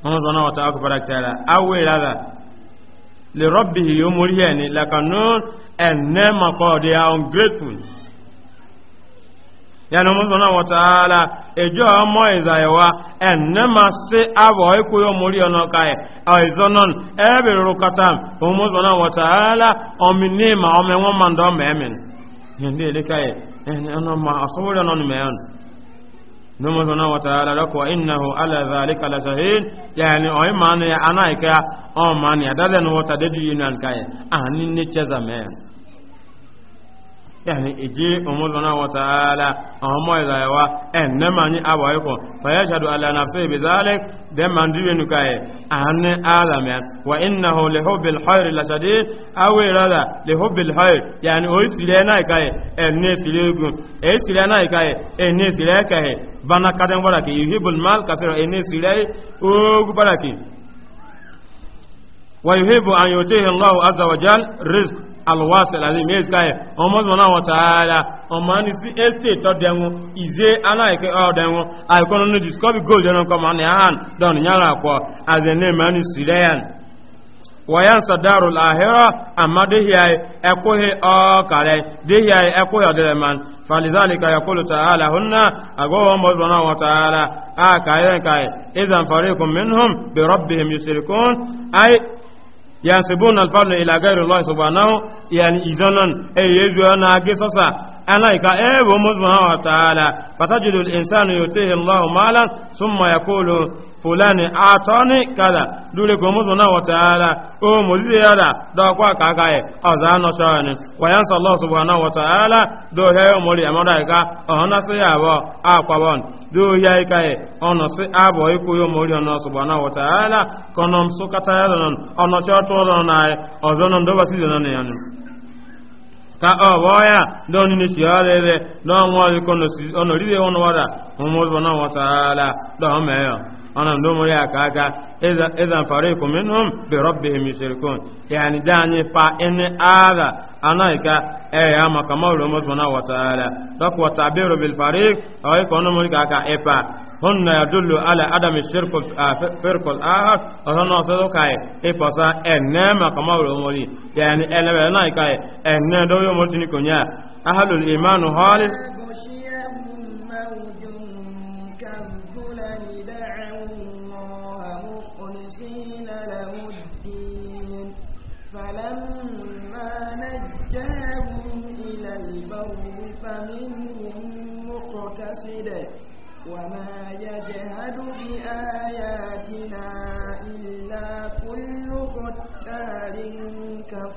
كموز بنا وتعالى كبرك تعالى أول هذا لربه يوم وليني لكنون and never called they are ungrateful yani mu subhanahu wa ta'ala ejo ọmọ izayewa enne abọ ya ọnà kaị ọizonon ebe rukata mu subhanahu wa ta'ala omini ma ọmọ enwe ma ndị ọmọ emin yende ma ọsọwụrị ọnọ ala la ma ni anaika o ma ni adalen wata dedi yunan kai ani ne yani iji umurna wa ta'ala amma ila yawa en ne mani awaye ko fa yashhadu ala nafsihi bi zalik de man diwe nu kai an alama wa innahu li hubbil khair la alwasel azim yes kai ọmọ zọna wọtaala ọmọ ni si estate ọdẹnwó ize aláìkẹ ọdẹnwó àìkọ́nà ní discovery gold ẹnu kọ́ ma ní ahan dọ̀nù yàrá àkọ́ azẹ́nẹ́ mẹ́rin sílẹ̀yàn wọ́yán sọ̀dárò láhírọ̀ àmá déhìáyé ẹkúhé ọkàrẹ déhìáyé ẹkúhé ọ̀dẹ̀rẹ̀mán fàlìzáàlìkà yàkúlù tààlà húnná àgọ́wọ́ mọ́sùlùmọ́ àwọn tààlà àkàyẹ̀kàyẹ̀ ìzànfàríkùn mìíràn bí rọ́bìhìm yansibuna alfadlu ila gairi llahi subhanahu yani izanan eyezu na age أنايكا إيه سبحانه وتعالى فتجد na يؤتيه الله مالا ثم يقول wa o mu ziyada do kwa kaka e oza no shawani wa yansa allah wa taala o mori amada ka ona se yabo akwabon do ya wa na do ka ọ bụ ọya dọọ nini si ọ dịrị dọọ nwa ọdịkọ n'osisi ọ nọrịrị ọnụ ọda ọmụmụ ọdịbọ na ọwụwa taala dọọ mee ya ana ndomo ya kaka idan fariqu minhum bi rabbihim yushrikun yani dani pa ene ala anaika e ya makama ulomo subhanahu wa ta'ala dak wa tabiru bil fariq ay kono mo kaka epa hunna yadullu ala adam shirk firq al ahad ana so kai e pasa makama ulomo yani ele anaika ene do yo mo tini konya ahlul iman halis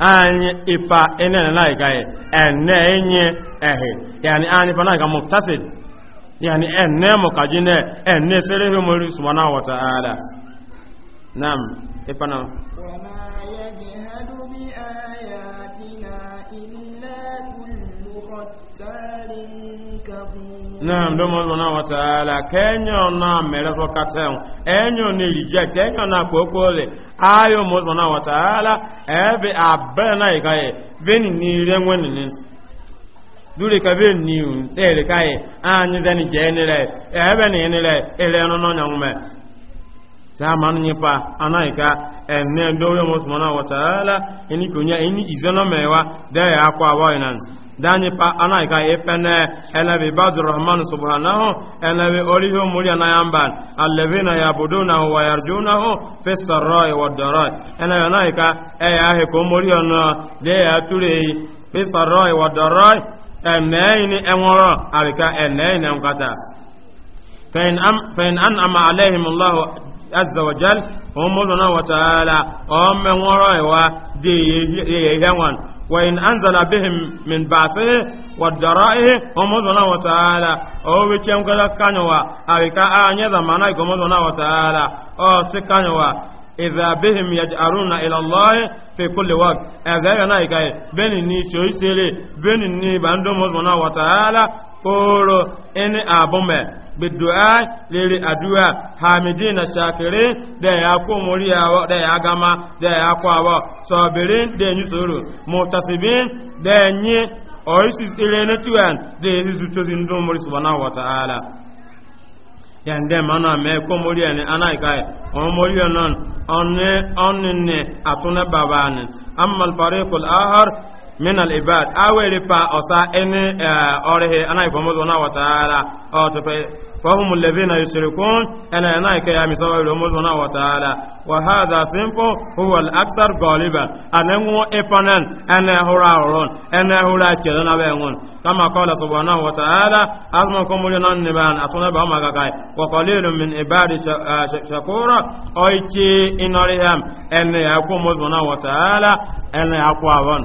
anyị ipa enene laika e, ene enye ehe yani anyị pa laika muftasid yani ene mukajine ene serehe mori na wa ta'ala nam ipa nam وما يجهد بآياتنا إلا naam do mo na wa taala na mere katem enyo na kokole ayo mo na wa taala ebe abe na veni ni renwen ni dure ka be ni un tere kai anyi zani ebe ni ni no no ni pa anaika enne do yo na eni kunya eni izono mewa da dani pa ana ka epene elebi badu subhanahu mulia na yamban alevina yabuduna wa yarjunahu fi sarrai wa darai elebi na ka e ya he na ya ture fi wa darai emeini enworo arika eneini nkata فإن أنعم عليهم الله عز وجل هم الله وإن أنزل بهم من بعثه والدرائه ومضنا وتعالى أو بكم كذا كانوا أو كأن يزمنا ومضنا وتعالى أو سكانوا إذا بهم يجأرون إلى الله في كل وقت أغير نايكاي بني ني شويسيري بني ني باندو مزمنا وتعالى koro ini abume bidu'a liri adu'a hamidi na shakiri da ya ku muriyawa da ya gama da ya kwawa sabirin da yi tsoro mutasibin da yi oisis irene tuwan da yi zutozi ndun muri subhanahu wa ta'ala yande mana me ko ana ikai o mori onon onne onne ahar min ibad awere pa osa ene orehe ana ifomozo na wataala o to fe fahum alladhina yushrikun ana ana ke ya misawa ifomozo na wataala wa hadha sinfu huwa al-akthar ghaliban anenwo epanan ana hura ron ana hura kelo na bengun kama qala subhanahu wa ta'ala azma kumul nan niban atuna ba ma gagai wa qalilun min ibadi eh, shakura oichi inoriham ene ya kumul na wataala ene akwa won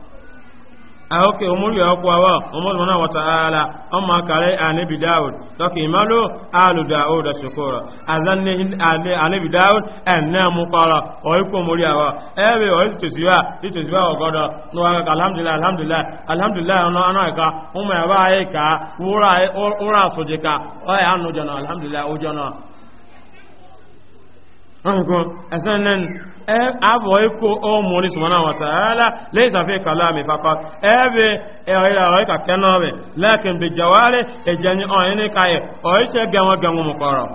ahoke umuri ya kwa wa umuri mwana wa ta'ala amma kare anabi daud toki imalo alu daud shukura azanne anabi daud anna muqala umuri wa ewe oyiko siwa ito siwa no alhamdulillah alhamdulillah alhamdulillah ono ana ka umma ba ka wura oya anu alhamdulillah ojana ko asanan e abo iko o mori subhanahu wa ta'ala laysa fi kalami faqat ebe e ira e, o e, e, ka kenobe lakin bi jawari e jani o ene kai o ise gawo gawo mu koro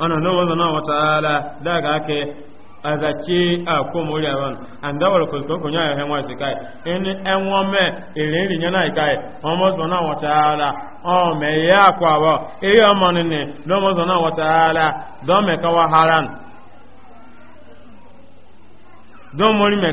ana no wa ta'ala daga ke azachi akwomori aban anda wala kulko kunya ya hemwa sikai en enwome ileri nyana ikai omozo na wataala o me ya kwa ba e ya manene no mozo na wataala do me ka wa haran do mori me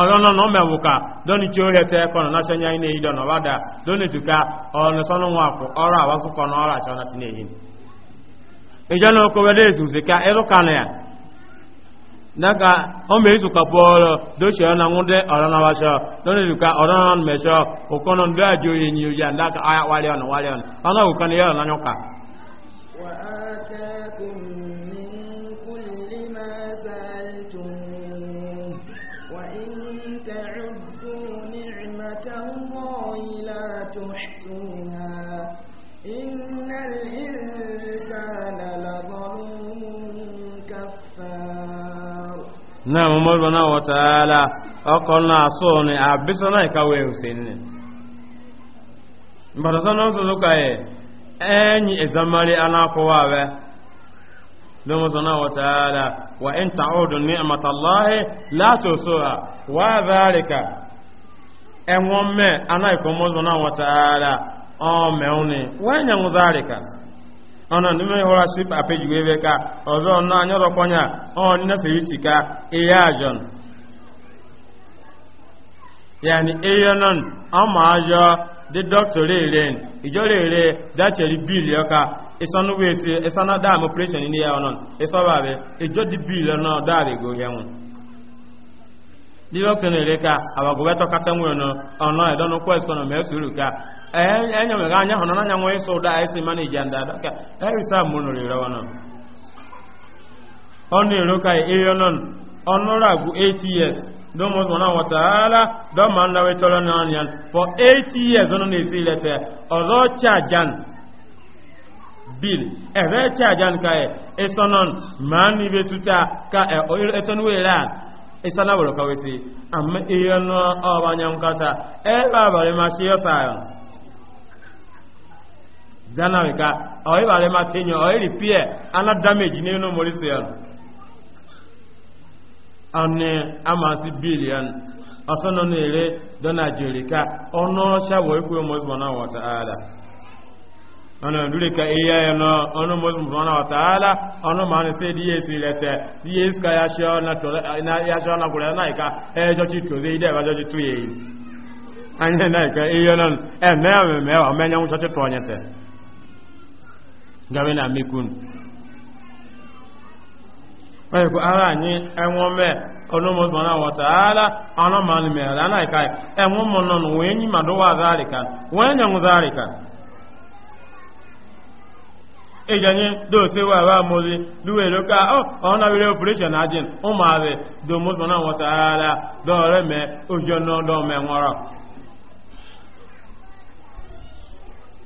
ọ̀rọ̀nà nọ mẹ́wùká lónìí tí ó rẹ̀ tẹ́ kọ́nà náà ṣẹ́yìn ayé nìyí dọ̀nà wádà lónìí dùkà ọ̀nà sọ́nà wọn àpò ọ̀rọ̀ àwásùkọ̀ náà ọ̀rọ̀ àṣọ náà ti nìyí. ìjọ náà kọ́ wẹ́lẹ́ èsù sí ká ẹrú kan yà daga ọmọ ọ̀rọ̀ ọ̀nà ọ̀rọ̀ náà mo mọ́lùmọ́ na wọ́n tààlà ọkọ̀ náà sọ ni àbísọ́ náà ìkàwé òsèlú ni mbàtàsọ́ náà sọ̀rọ̀ káyẹ̀ ẹ̀yìn ìzàmàrí alákọ̀wà rẹ̀ lọ́mọ́sọ́ náà wọ́n tààlà wà ń ta ọdún ní wà báríkà ẹ̀wọ̀n mẹ́ aláìkọ̀mọ́sọ́ náà wọ́n tààlà ọmọ ẹ̀wọ̀n ni wọ́n ọnụ n'ime hụrụ asị papa jiwe ebe ka ọzọ na anya ọrọkwanya ọ nina siri ichi ka ihe ajọn yani ihe nọn ọma ajọ dị dọkịta rere ijọ rere dacheri bil ọka ịsọnụ wee si ịsọnụ dam operation ndị ya ọnụ ịsọba abịa ijọ dị bil ọnụ daara ego ya nwụ ndị dọkịta na-ere ka abagobatọ kata nwere ọnụ ọnụ ịdọnụ kwesịrị ọnụ mee suru ka enya eh, eh, mega anya hụna anya nwa ịsụ ụda isi eh, mana ija ndị ada ka erisa mgbe ọ na-ero ka ihe nọ ọnụrụ agwụ 8 years don mọ sọmọ náà wọ don ma ń lọ for 8 years ọ̀nà ní èsì ilẹ̀tẹ̀ ọzọ chajan bil ẹ̀rẹ́ chajan ka ẹ̀ e, ka zana mi ka ma te nyɔ ana damage ne no mori se yɛlɛ ɔne ama si bill yɛn ɔsɔnɔ ne yɛrɛ dɔna ka ọnụ sɛwɔ eku yɛ na sɔnna wɔta ala ɔnɔ dule ka eya yɛ nɔ ɔnɔ mori ala ɔnɔ ma ne se di yɛ si lɛ tɛ di ya sika na yasɛ ɔna ya ihe nọ eme onye gawe na mekun wọ́n kò ara yí ẹwọ́n mẹ́ olómọ́sùmọ́nà wọ̀tàálá ọlọ́mọ́lù mẹ́rin aláìka ẹwọ́n mọ̀nà wọ́n yí màdówà záríkà wọ́n yẹ̀wọ̀n záríkà ìjẹni dóòsíwà wà ọ lúwẹ̀ na ọ̀nàwẹ̀rẹ̀ operation ajin ó máa rẹ̀ dóòmọ́sùmọ́nà wọ̀tàálá ojú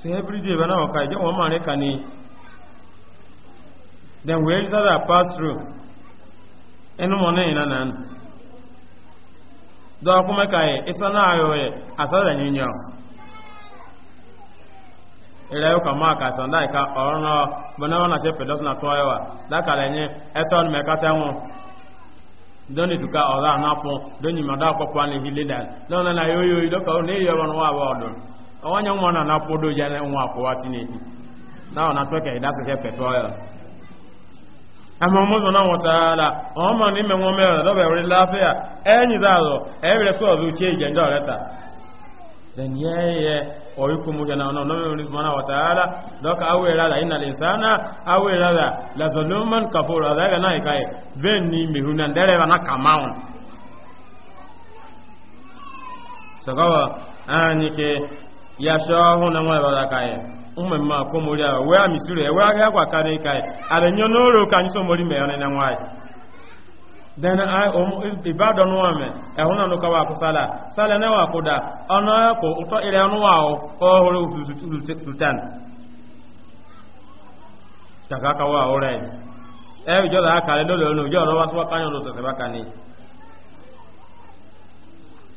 sai everyday bana wa kai jan wa ne ka ne then where is that pass through enu mo ne ina na ayo e asara nyinya ila yo kama ka san dai ka orno bana wana se pedos na toyo wa da kala nyi eton me ka tawo don itu ka ora na fun don yi ma da ko pa ni na yo yo do onye nwa na na-akwụdo ya na nwa akwụwa tinyeku na ọ na-atọ ka ịdasị ka epetụ na nwụtara ọ na ime nwa mere dọba ewere lafe ya enyi za azụ ewere sọ ọzọ uche ije ndị jana da na ben na yasha hụ na nwa bara ka um, ya ụmụ mma akwụmori a wee a ewe agha akwa karị ka ya arenye n'ụlọ ka anyị somori mee ọnị na nwaanyị then wa me ehuna no ka wa sala sala na wa ko da ona ko uto ire onu wa o ko sultan daga ka e,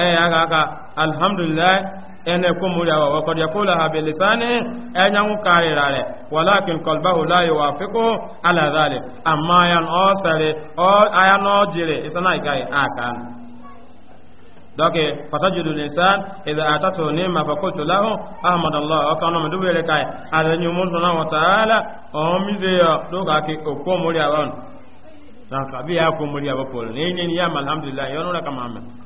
ɛyɛ eh, aga aka alhamdulilayi ɛnɛ kumuri awa wakɔdi yakula habi lisani ɛnyanwu eh, kaari rare walakin kɔlbahu layi wa fiko ala zali amma yan ɔsari ayan ɔjiri isana ka aka dɔke fatajudu nisan idha atatu nima fakultu lahu ahmadallah ɔkanu mi dubere kai adanyumu sunahu taala ya komuri awa polo ne ne ni ya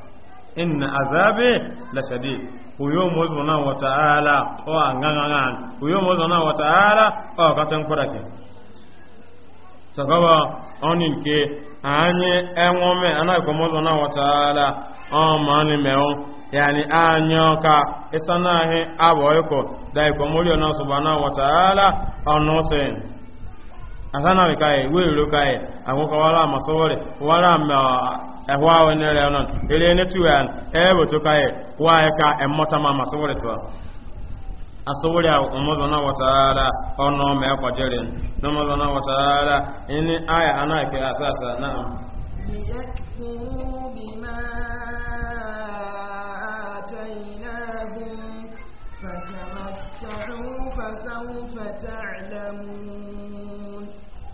inna azabi la shadid uyo mozo na wa ta'ala o anganga uyo mozo na wa ta'ala o katan kurake sagaba onin ke anye enwome ana ko mozo na wa ta'ala o mani mewo yani anyoka ka isana he aboyko dai ko mori na subhanahu wa ta'ala onosen asana we kai we ro kai ago ka wala masore wala ma ɛhɔ a wɔn nyɛrɛ no ele ne tu yɛ ɛyɛ wɔ to ka yɛ e wa yɛ ka ɛmɔta ma ma sɔwɔre to asɔwɔre a ɔmɔdɔn na wɔtaara ɔnɔ mɛ kɔjɛre na ɔmɔdɔn na wɔtaara ɛni aya ana yɛ kɛ asaasa na. ليكفروا بما آتيناهم فتمتعوا فسوف تعلمون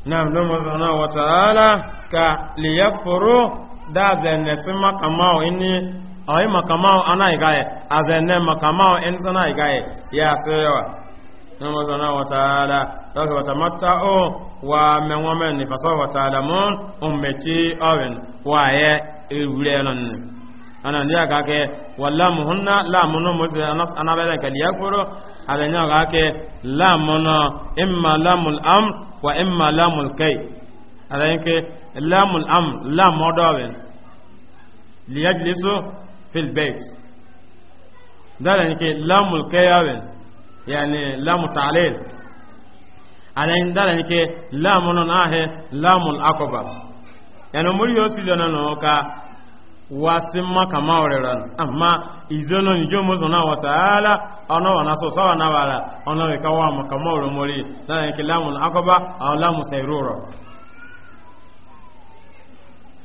نعم لما سبحانه وتعالى كليكفروا dazenne sima kamao ini ayi makamao ana igaye azenne makamao ini sana igaye ya sewa nama zana wa mata o wa tamatta'u wa men wa men nifasa wa ta'alamun ummeti awin wa ye ewure nan ana ndiya ka ke wallamu hunna la munu musu ana bada ka liya kuro abenya ka ke la munu imma lamul amr wa imma lamul kai lamul am lam modowen liyajlisu fil bait dala nke lamul kayawen yani lamu ta'lil alain dala nke lamun ahe lamul akoba yani muri yo si jona no ka wasimma kama oreran amma izono ni jomo sona wa taala ono wana so sawa na bala ono ka wa kama oromori dala nke lamun akoba aw lamu sayruro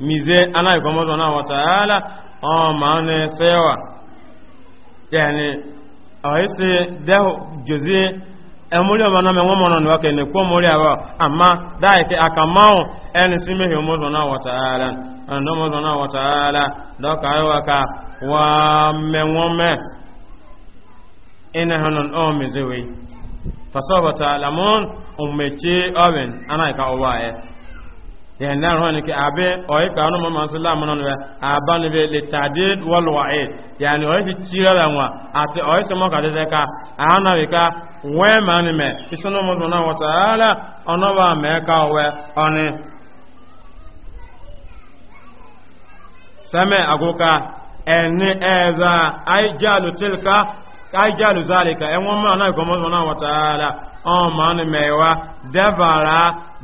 mize ana ikomo zona wa ta'ala o maane sewa yani aise deho jozie emuli obana me ngomono ni wake ne ko muli aba amma dai ke akamao en sime he mo zona ando ka wa ka ina o mizewe oven ana yani na ruhani ke abe oyi ka anu mama sallam non we aba ni be le tadid wal wa'id yani oyi tira la nwa ati mo ka de ka ana we ka we ma ni me isono mo na wa taala ono ba me ka we oni same agoka eni eza aijalu tilka aijalu zalika ma na mo na wa taala o ma ni me wa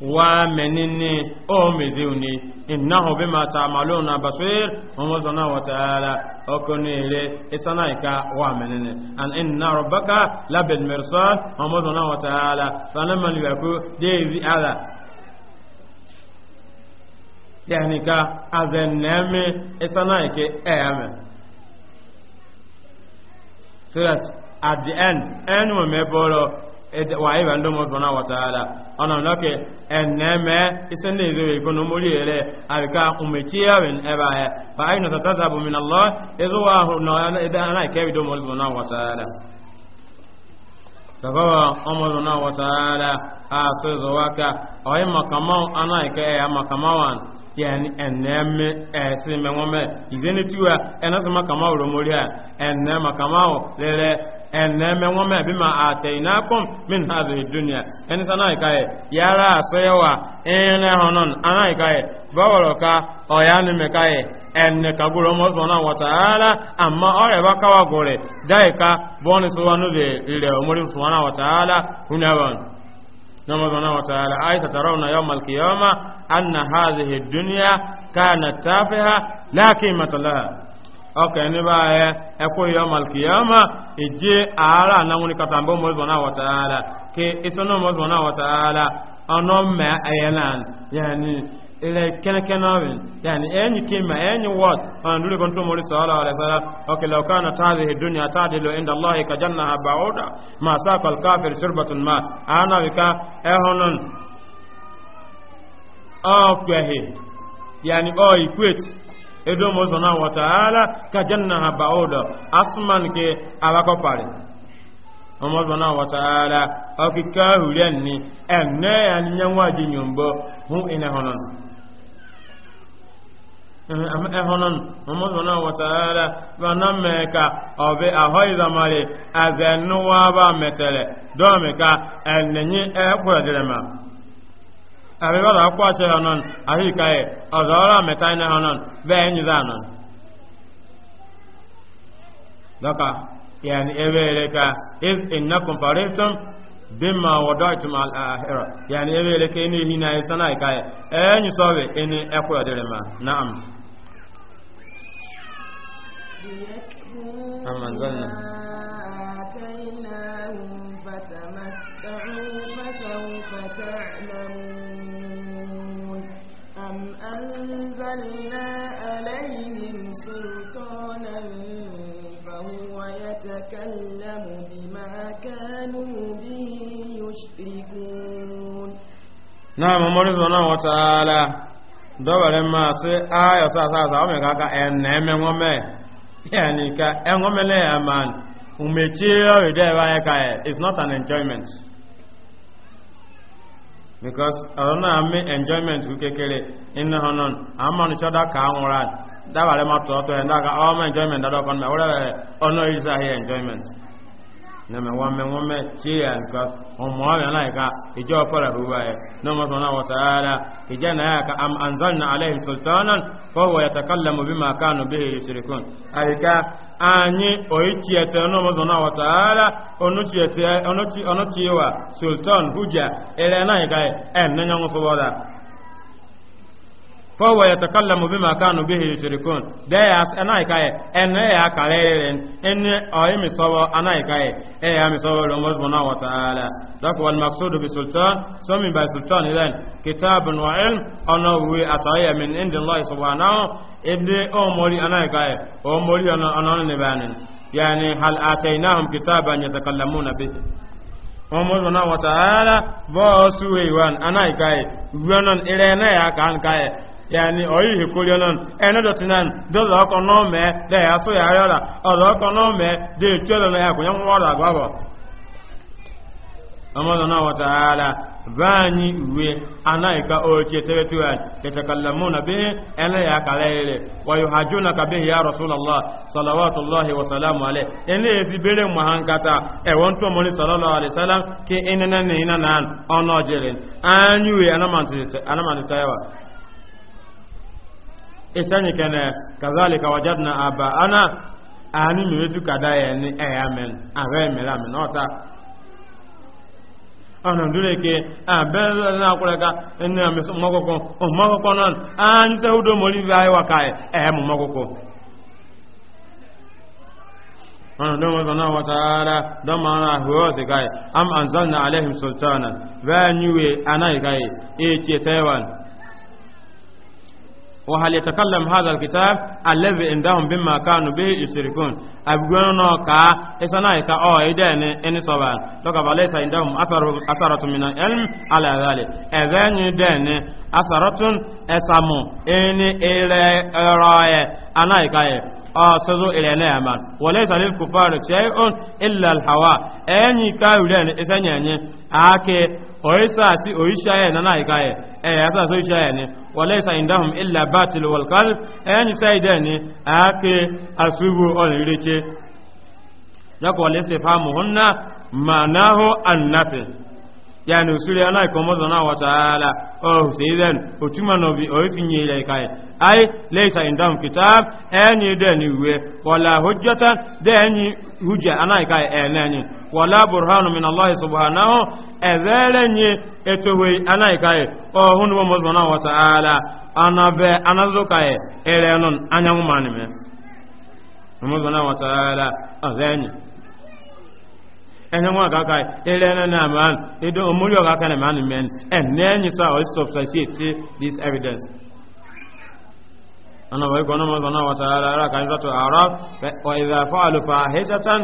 wa menini o mezeuni innahu bima ta'maluna basir umma zana wa ta'ala okunire isanaika wa menini an inna rabbaka labil mirsad umma zana wa ta'ala falamma yaku dezi ala so that at the end anyone may borrow wàhíbà ń dọ́mọ̀ sọ́nà wàtàlá ọ̀nà lọ́kẹ̀ ẹ̀nẹ́mẹ́ iṣẹ́ ní ìzò ìgbónú mórí rẹ̀ àríká umechiyawin ẹba ẹ̀ fa ainihin tàtàzà lọ ìzúwà ọ̀nà ìkẹ́wì dọ́mọ̀ sọ́nà wàtàlá sabawa amadu na wataala a sai makamau e, eneme esi e, makamau lele ẹnẹmẹ wọn mẹ bí ma àtẹ ìnákùn mí nà àbẹ dunia ẹni sá náà ìka yẹ yàrá àṣeyẹwà ẹnẹ hànà àná ìka yẹ bọwọlọ ká ọyà ni mẹka yẹ ẹnẹ ọmọ mọsùn náà wọta ara àmọ ọrẹ bá káwà gòrè dá ìka bọ́ọ̀nì sọ wọn lè rẹ ọmọdé sọ wọn náà wọta ara وتعالى يوم القيامة أن ọkà ẹni bá ẹ e, ẹkọ e yọ malkiyama ìjẹ e ààrà anáwọn oníkàtà bọ́ mọ́sùmọ́nà wọ̀tàálà kí ìsọ́nà mọ́sùmọ́nà wọ̀tàálà ọ̀nà mẹ́ ẹ̀yẹlán yẹni yẹni kíma lórí na tààdì ìdúnyà tààdì lọ ìndà lọ́hì kàjánà àbà ọ̀dà ma sá fèrè ma àánà wíká ẹ̀hónún ọ̀pẹ̀hì yẹni edo mo sona wa ta'ala ka jannaha ba'uda asman ke alako pare ọmọ ọdúnà wàtàrà ọkíkà hùrẹ́ ní ẹ̀nẹ́ àníyànwájì yòǹbọ̀ hún iná hànán ẹ̀họ́nán ọmọdún wàtàrà bana mẹ́ka abibada akwa se hanon ahika e azara metaine hanon ve enyi zanon daka yani ebe ka is innakum faristum bimma wadaitum al akhira yani ebe ka ini hina isana ka e enyi sobe ini ekwa derema na'am amanzalna atainahum أنزلنا عليهم سلطانا فهو يتكلم بما كانوا به يشركون نعم أمر سبحانه وتعالى dɔbɛrɛ maa se aya saasaasa wɔn ka ka man it's not an enjoyment. because ọ̀rọ̀ náà mi enjoyment kú kékeré iná hàn náà àmọ́ ní sọ́dá kà á wọn rà dábàá oh, rẹ̀ má tọ́tọ́ ẹ̀ ń dá ka ọmọ enjoyment dáadọ́ kan mẹ́ ọ̀rẹ́ rẹ̀ ọ̀nà ìrísà yẹ enjoyment nama wame wame chia ka omo ya na ka ijo para ruwa ya e. nama sana wa taala ijana ya ka am anzalna alaihim sultanan fa huwa yatakallamu bima kanu bihi yushrikun alika anyi oichiete nama sana wa taala onuchiete onuchi wa sultan hujja ele na ka en nyango foboda فهو يتكلم بما كانوا به يشركون ده انا كاي ان يا كارين ان اي مسوا انا كاي اي مسوا لو سبحانه وتعالى ذاك والمقصود بسلطان سمي بسلطان لان كتاب وعلم انا هو اتايا من عند الله سبحانه ابن اموري انا كاي اموري انا انا نبان يعني هل اتيناهم كتابا يتكلمون به ọmọdún náà wọ̀tàrà bọ́ọ̀sù ìwọ̀n anáìkáyẹ̀ ìwọ̀n náà ilẹ̀ náà yà kan kai yani oyi hikuri non ene dotinan dozo oko no me de aso ya yola ozo oko no me de chelo na yakunya mwala babo na wa ta'ala bani we anaika oche tewetuwa yatakallamuna bihi ene ya kalele wa yuhajuna ka ya rasulullah salawatullahi wa salamu alayhi ene esi bere muhankata e wonto sallallahu isani kene kazalika wajadna aba ana ani miwetu kada eh, ah, ya ni ayamen awe melamen ota ana na kureka enne ameso magoko o oh, magoko nan anyi ah, se hudo moli vai wakai e eh, mu na wa taala do na am sultana niwe وهل يتكلم هذا الكتاب الذي عندهم بما كانوا به يشركون أبغونا كا إسنا كا أو إدين إن صبا لك فليس عندهم أثر أثرة من العلم على ذلك إذن إدين أثرة أسمو إن إلى رأي أنا كا asazo ilẹ̀ náà ma wọlé ìsàlẹ̀ kùfàrù tí ó ń ilẹ̀ alhawa ẹ̀yìn káwìlẹ̀ ní ìsẹ́yẹ̀yẹ ààkẹ́ òyíṣà sí òyíṣà ẹ̀ nánà ìkáyẹ̀ ẹ̀yà sàṣọ ìṣà ẹ̀ ní wọlé ìsà ìdáhùn ilẹ̀ bátìlù wọlkálù yani usuli alai ko mozo na wataala oh sizen utuma no bi o tinye ile kai ai laysa indam kitab any deni we wala hujjatan deni hujja anai kai enani wala burhanu min allah subhanahu nye etowe anai kai oh hunu mozo na wataala anabe anazo kai elenun anyanwu manime mozo na wataala azeni ɛnyɛ ŋun aka kai ele na na man edo omori ɔka kai na man men ɛnɛ ɛnyi so a ɔyɛ substantiate this evidence ana wɔyɛ kɔnɔ mɔ sɔnna wɔtara ara kan sɔtɔ ara ɔyɛ fɔ alufa ahesatan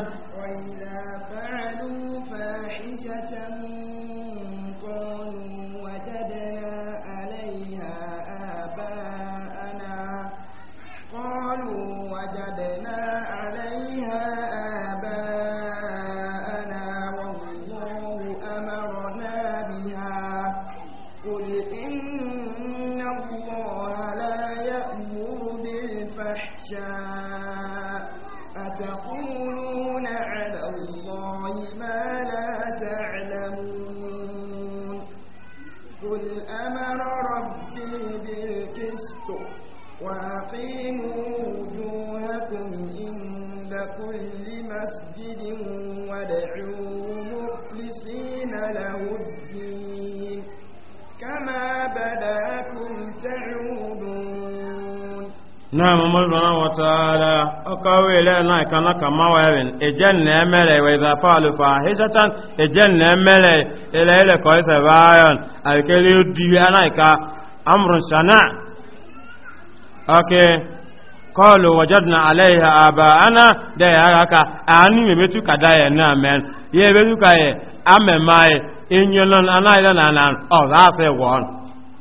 náà mo mọ́lùmọ́ náà wọ́n tààrà ọkọ̀ wí ilẹ̀ náà ìkànnà kan máa wà ẹ̀rìn ìjẹ́ nìyà mẹ́rẹ̀ ìwé ìzàpá àlùfà àhíṣẹ́tàn ìjẹ́ nìyà mẹ́rẹ̀ ilẹ̀ ilẹ̀ kọ́ ìṣẹ̀ báyọ̀n àríkẹ́lẹ́ dìbí anáìka amrun sana ọkẹ́ kọlu wajadna ha aba ana da ya haka a hannu mai metu ka daya na men ya metu ka ya amemaye inyonon ana ila na nan ọ za a sai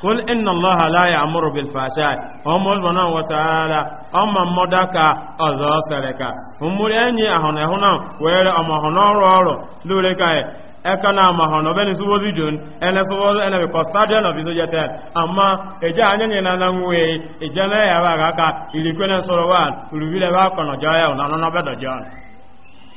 kul inna allaha la ya'muru bil fahsha omo bona wa ta'ala amma modaka ozo sereka umuri anyi ahona ehuna were amma hono roro lure kai eka na ama hono beni suwo zidun ene suwo ene ko stadion of isoje te amma eja anyenye na nanwe eja na ya ba ka ilikwene soro wa ulubile ba kono jaya na no no bedo jona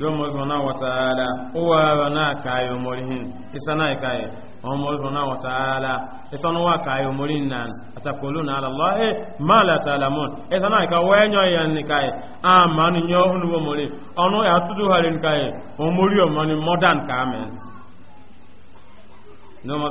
domo zona na kayo morihin isana na omo zona wataala isana wa kayo morin nan na ala allah ma la talamun isana ka wenyo yan ni kayo amanu nyo hunu wo mori ono ya tudu harin kayo omori o mani modern kamen domo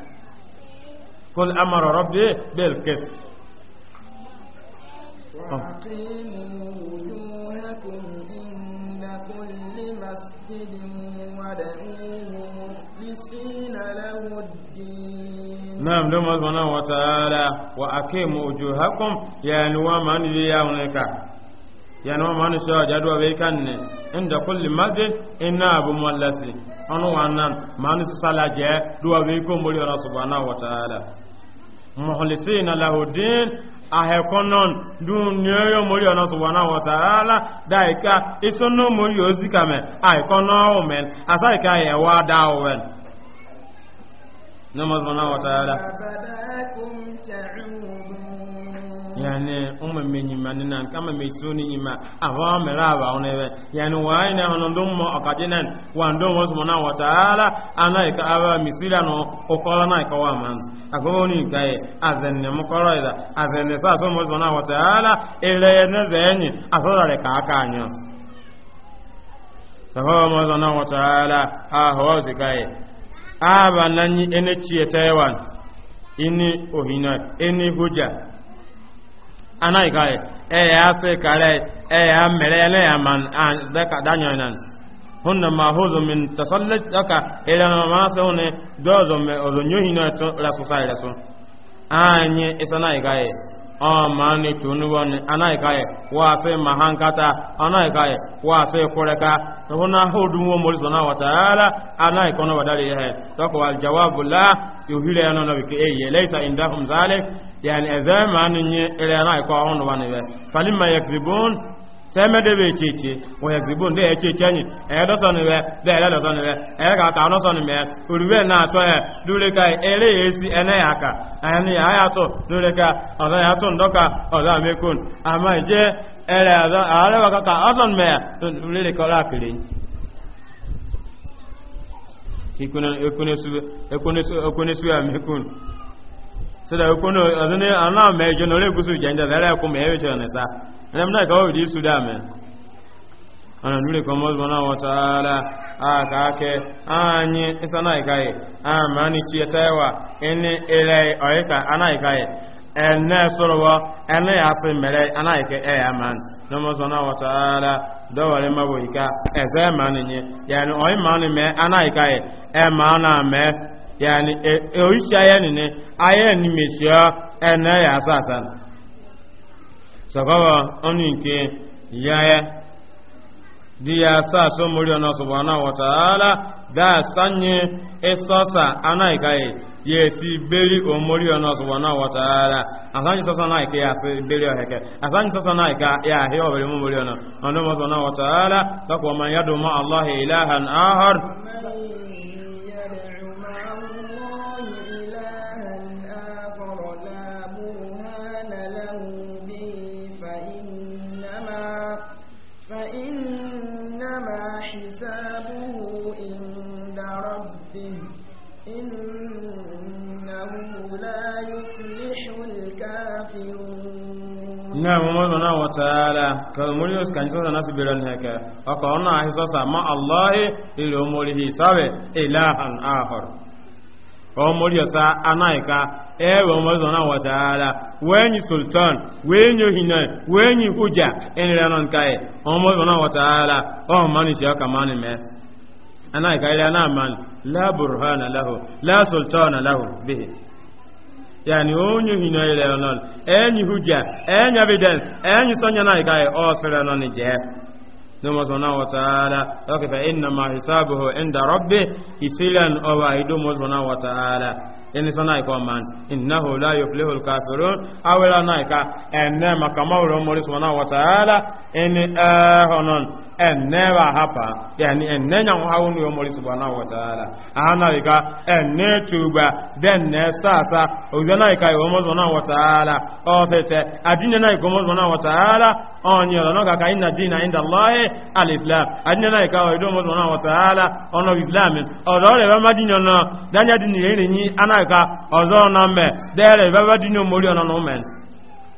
قل أمر ربي بالقسط وأقيموا وجوهكم عند كل مسجد ودعوه مخلصين له الدين نعم لما سبحانه وتعالى وأقيموا وجوهكم يعني ومن يونك يعني ومن شاجد وبيكن عند كل مسجد إنا أبو مولسي أنو أنان من سلاجة دوبيكم بلي الله سبحانه وتعالى muhlisina lahu din ahekonon dun nyoyo mori ona subhanahu wa ta'ala daika isono mori ozikame aikono omen asaika yewa dawen nama subhanahu wa yani umma me nyima ne kama me so ne awa mera onebe yani wa hono ndomo akadinan wa ndomo subhana wa taala ana ka awa misira no okola na ka wa man agoni kai azenne mukoro ida azenne sa so mo subhana wa taala ile zenyi asola le mo wa taala ahwa zikai aba nanyi ene chietewan ini ohina ene hoja anayi ka ye ɛ y'a se kare ɛ e y'a mɛrɛ ɛ y'a man an bɛɛ ka da ɲɔgɔn na hunna ma hozo min tasalle aka ilana ma sɛw ne dɔɔzo mɛ ozo nyohi na to la sosa yɛrɛ so an ye isana yi ka ye ɔn maa ni tuni wɔ ni ana yi ka ye waase mahan kata ana yi ka ye waase kore ka hunna ho dun wo mori sɔnna wa taala ana yi kɔnɔ wa dali yɛ dɔkɔ wa jawabu la yohire yɛ nɔ na bi ke e ye sa indahum zalik yani ebe ma ni nye ele na iko onu wani be fali ma yakzibun teme de be chichi o yakzibun de e chichi anyi e do so ni be de ele do ni be e ka ta no ni na ato e ka ele esi ene ya ka ya ya to dure ka oza ya to ndoka oza ama je ele aza ale wa ka ozo ni e e me dure ka sida ko no azane ana me jo no le kusu janja dara ko me yo chone sa na mna ka odi su da me ana nule ko mo na wa taala aka ke anyi na ikai amani chi tawa ene elai oika ana ikai ene sorowa ene asi mere ana ike e aman nomo zona wa taala dawale maboika e ze mani nye yani oimani me ana ikai e mana me yani e, e, oishi aya nene aya ni mesio ene ya asasan sababu oni nke yaya di ya sa so muri ona subhanahu wa ta'ala da sanye esosa anaikai e, yesi beri omori ona subhanahu wa ta'ala asanyi na naike ya si beri oheke asanyi sosa naike ya ahi obere mumori ona ona subhanahu wa ta'ala takwa man yadu ma allahi ilahan ahar subhanahu wa ta'ala ka muri os kan sasa nasu biran haka aka wannan ahi sasa ma allah ile umurihi sabe ilahan ahar o muri sa anaika e wa mo zona wa ta'ala wenyi sultan wenyi hina wenyi huja en ranon kai o mo zona wa ta'ala o mani shi aka mani me anaika ile na man la burhana lahu la sultana lahu bihi yani onye hino ile onon enyi hujja enyi evidence enyi sonya na ikai o sere non je numo zona wa taala okay fa inna ma hisabuhu inda rabbi isilan awa idumo zona wa taala ini sana iko man innahu la yuflihu alkafirun awela naika enne makamawro mori subhanahu wa taala eni ahonon eh uh, and never happen yani and nenya ho hawo ni omori subhanahu wa ta'ala ana ika and ne tuba ne sasa ika wa ta'ala o na ika omori subhanahu wa ta'ala ka kaina dina inda allah al-islam na ika o do omori wa ta'ala ono islam o do re ba madinyo no danya dinire ni ana ika na me dere ba no men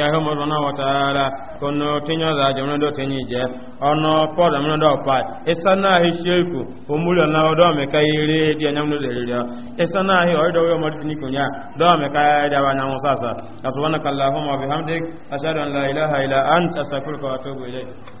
yahe mo zona wa taala kono tinyo za jamna do tinyi je ono po da mna do pa isana he sheku umuli na odo me kayire di anyamno deliria isana he odo we mo tinyi kunya do sasa kayire na kala musasa subhanakallahumma wa bihamdik ashhadu an la ilaha illa anta astaghfiruka wa atubu ilayk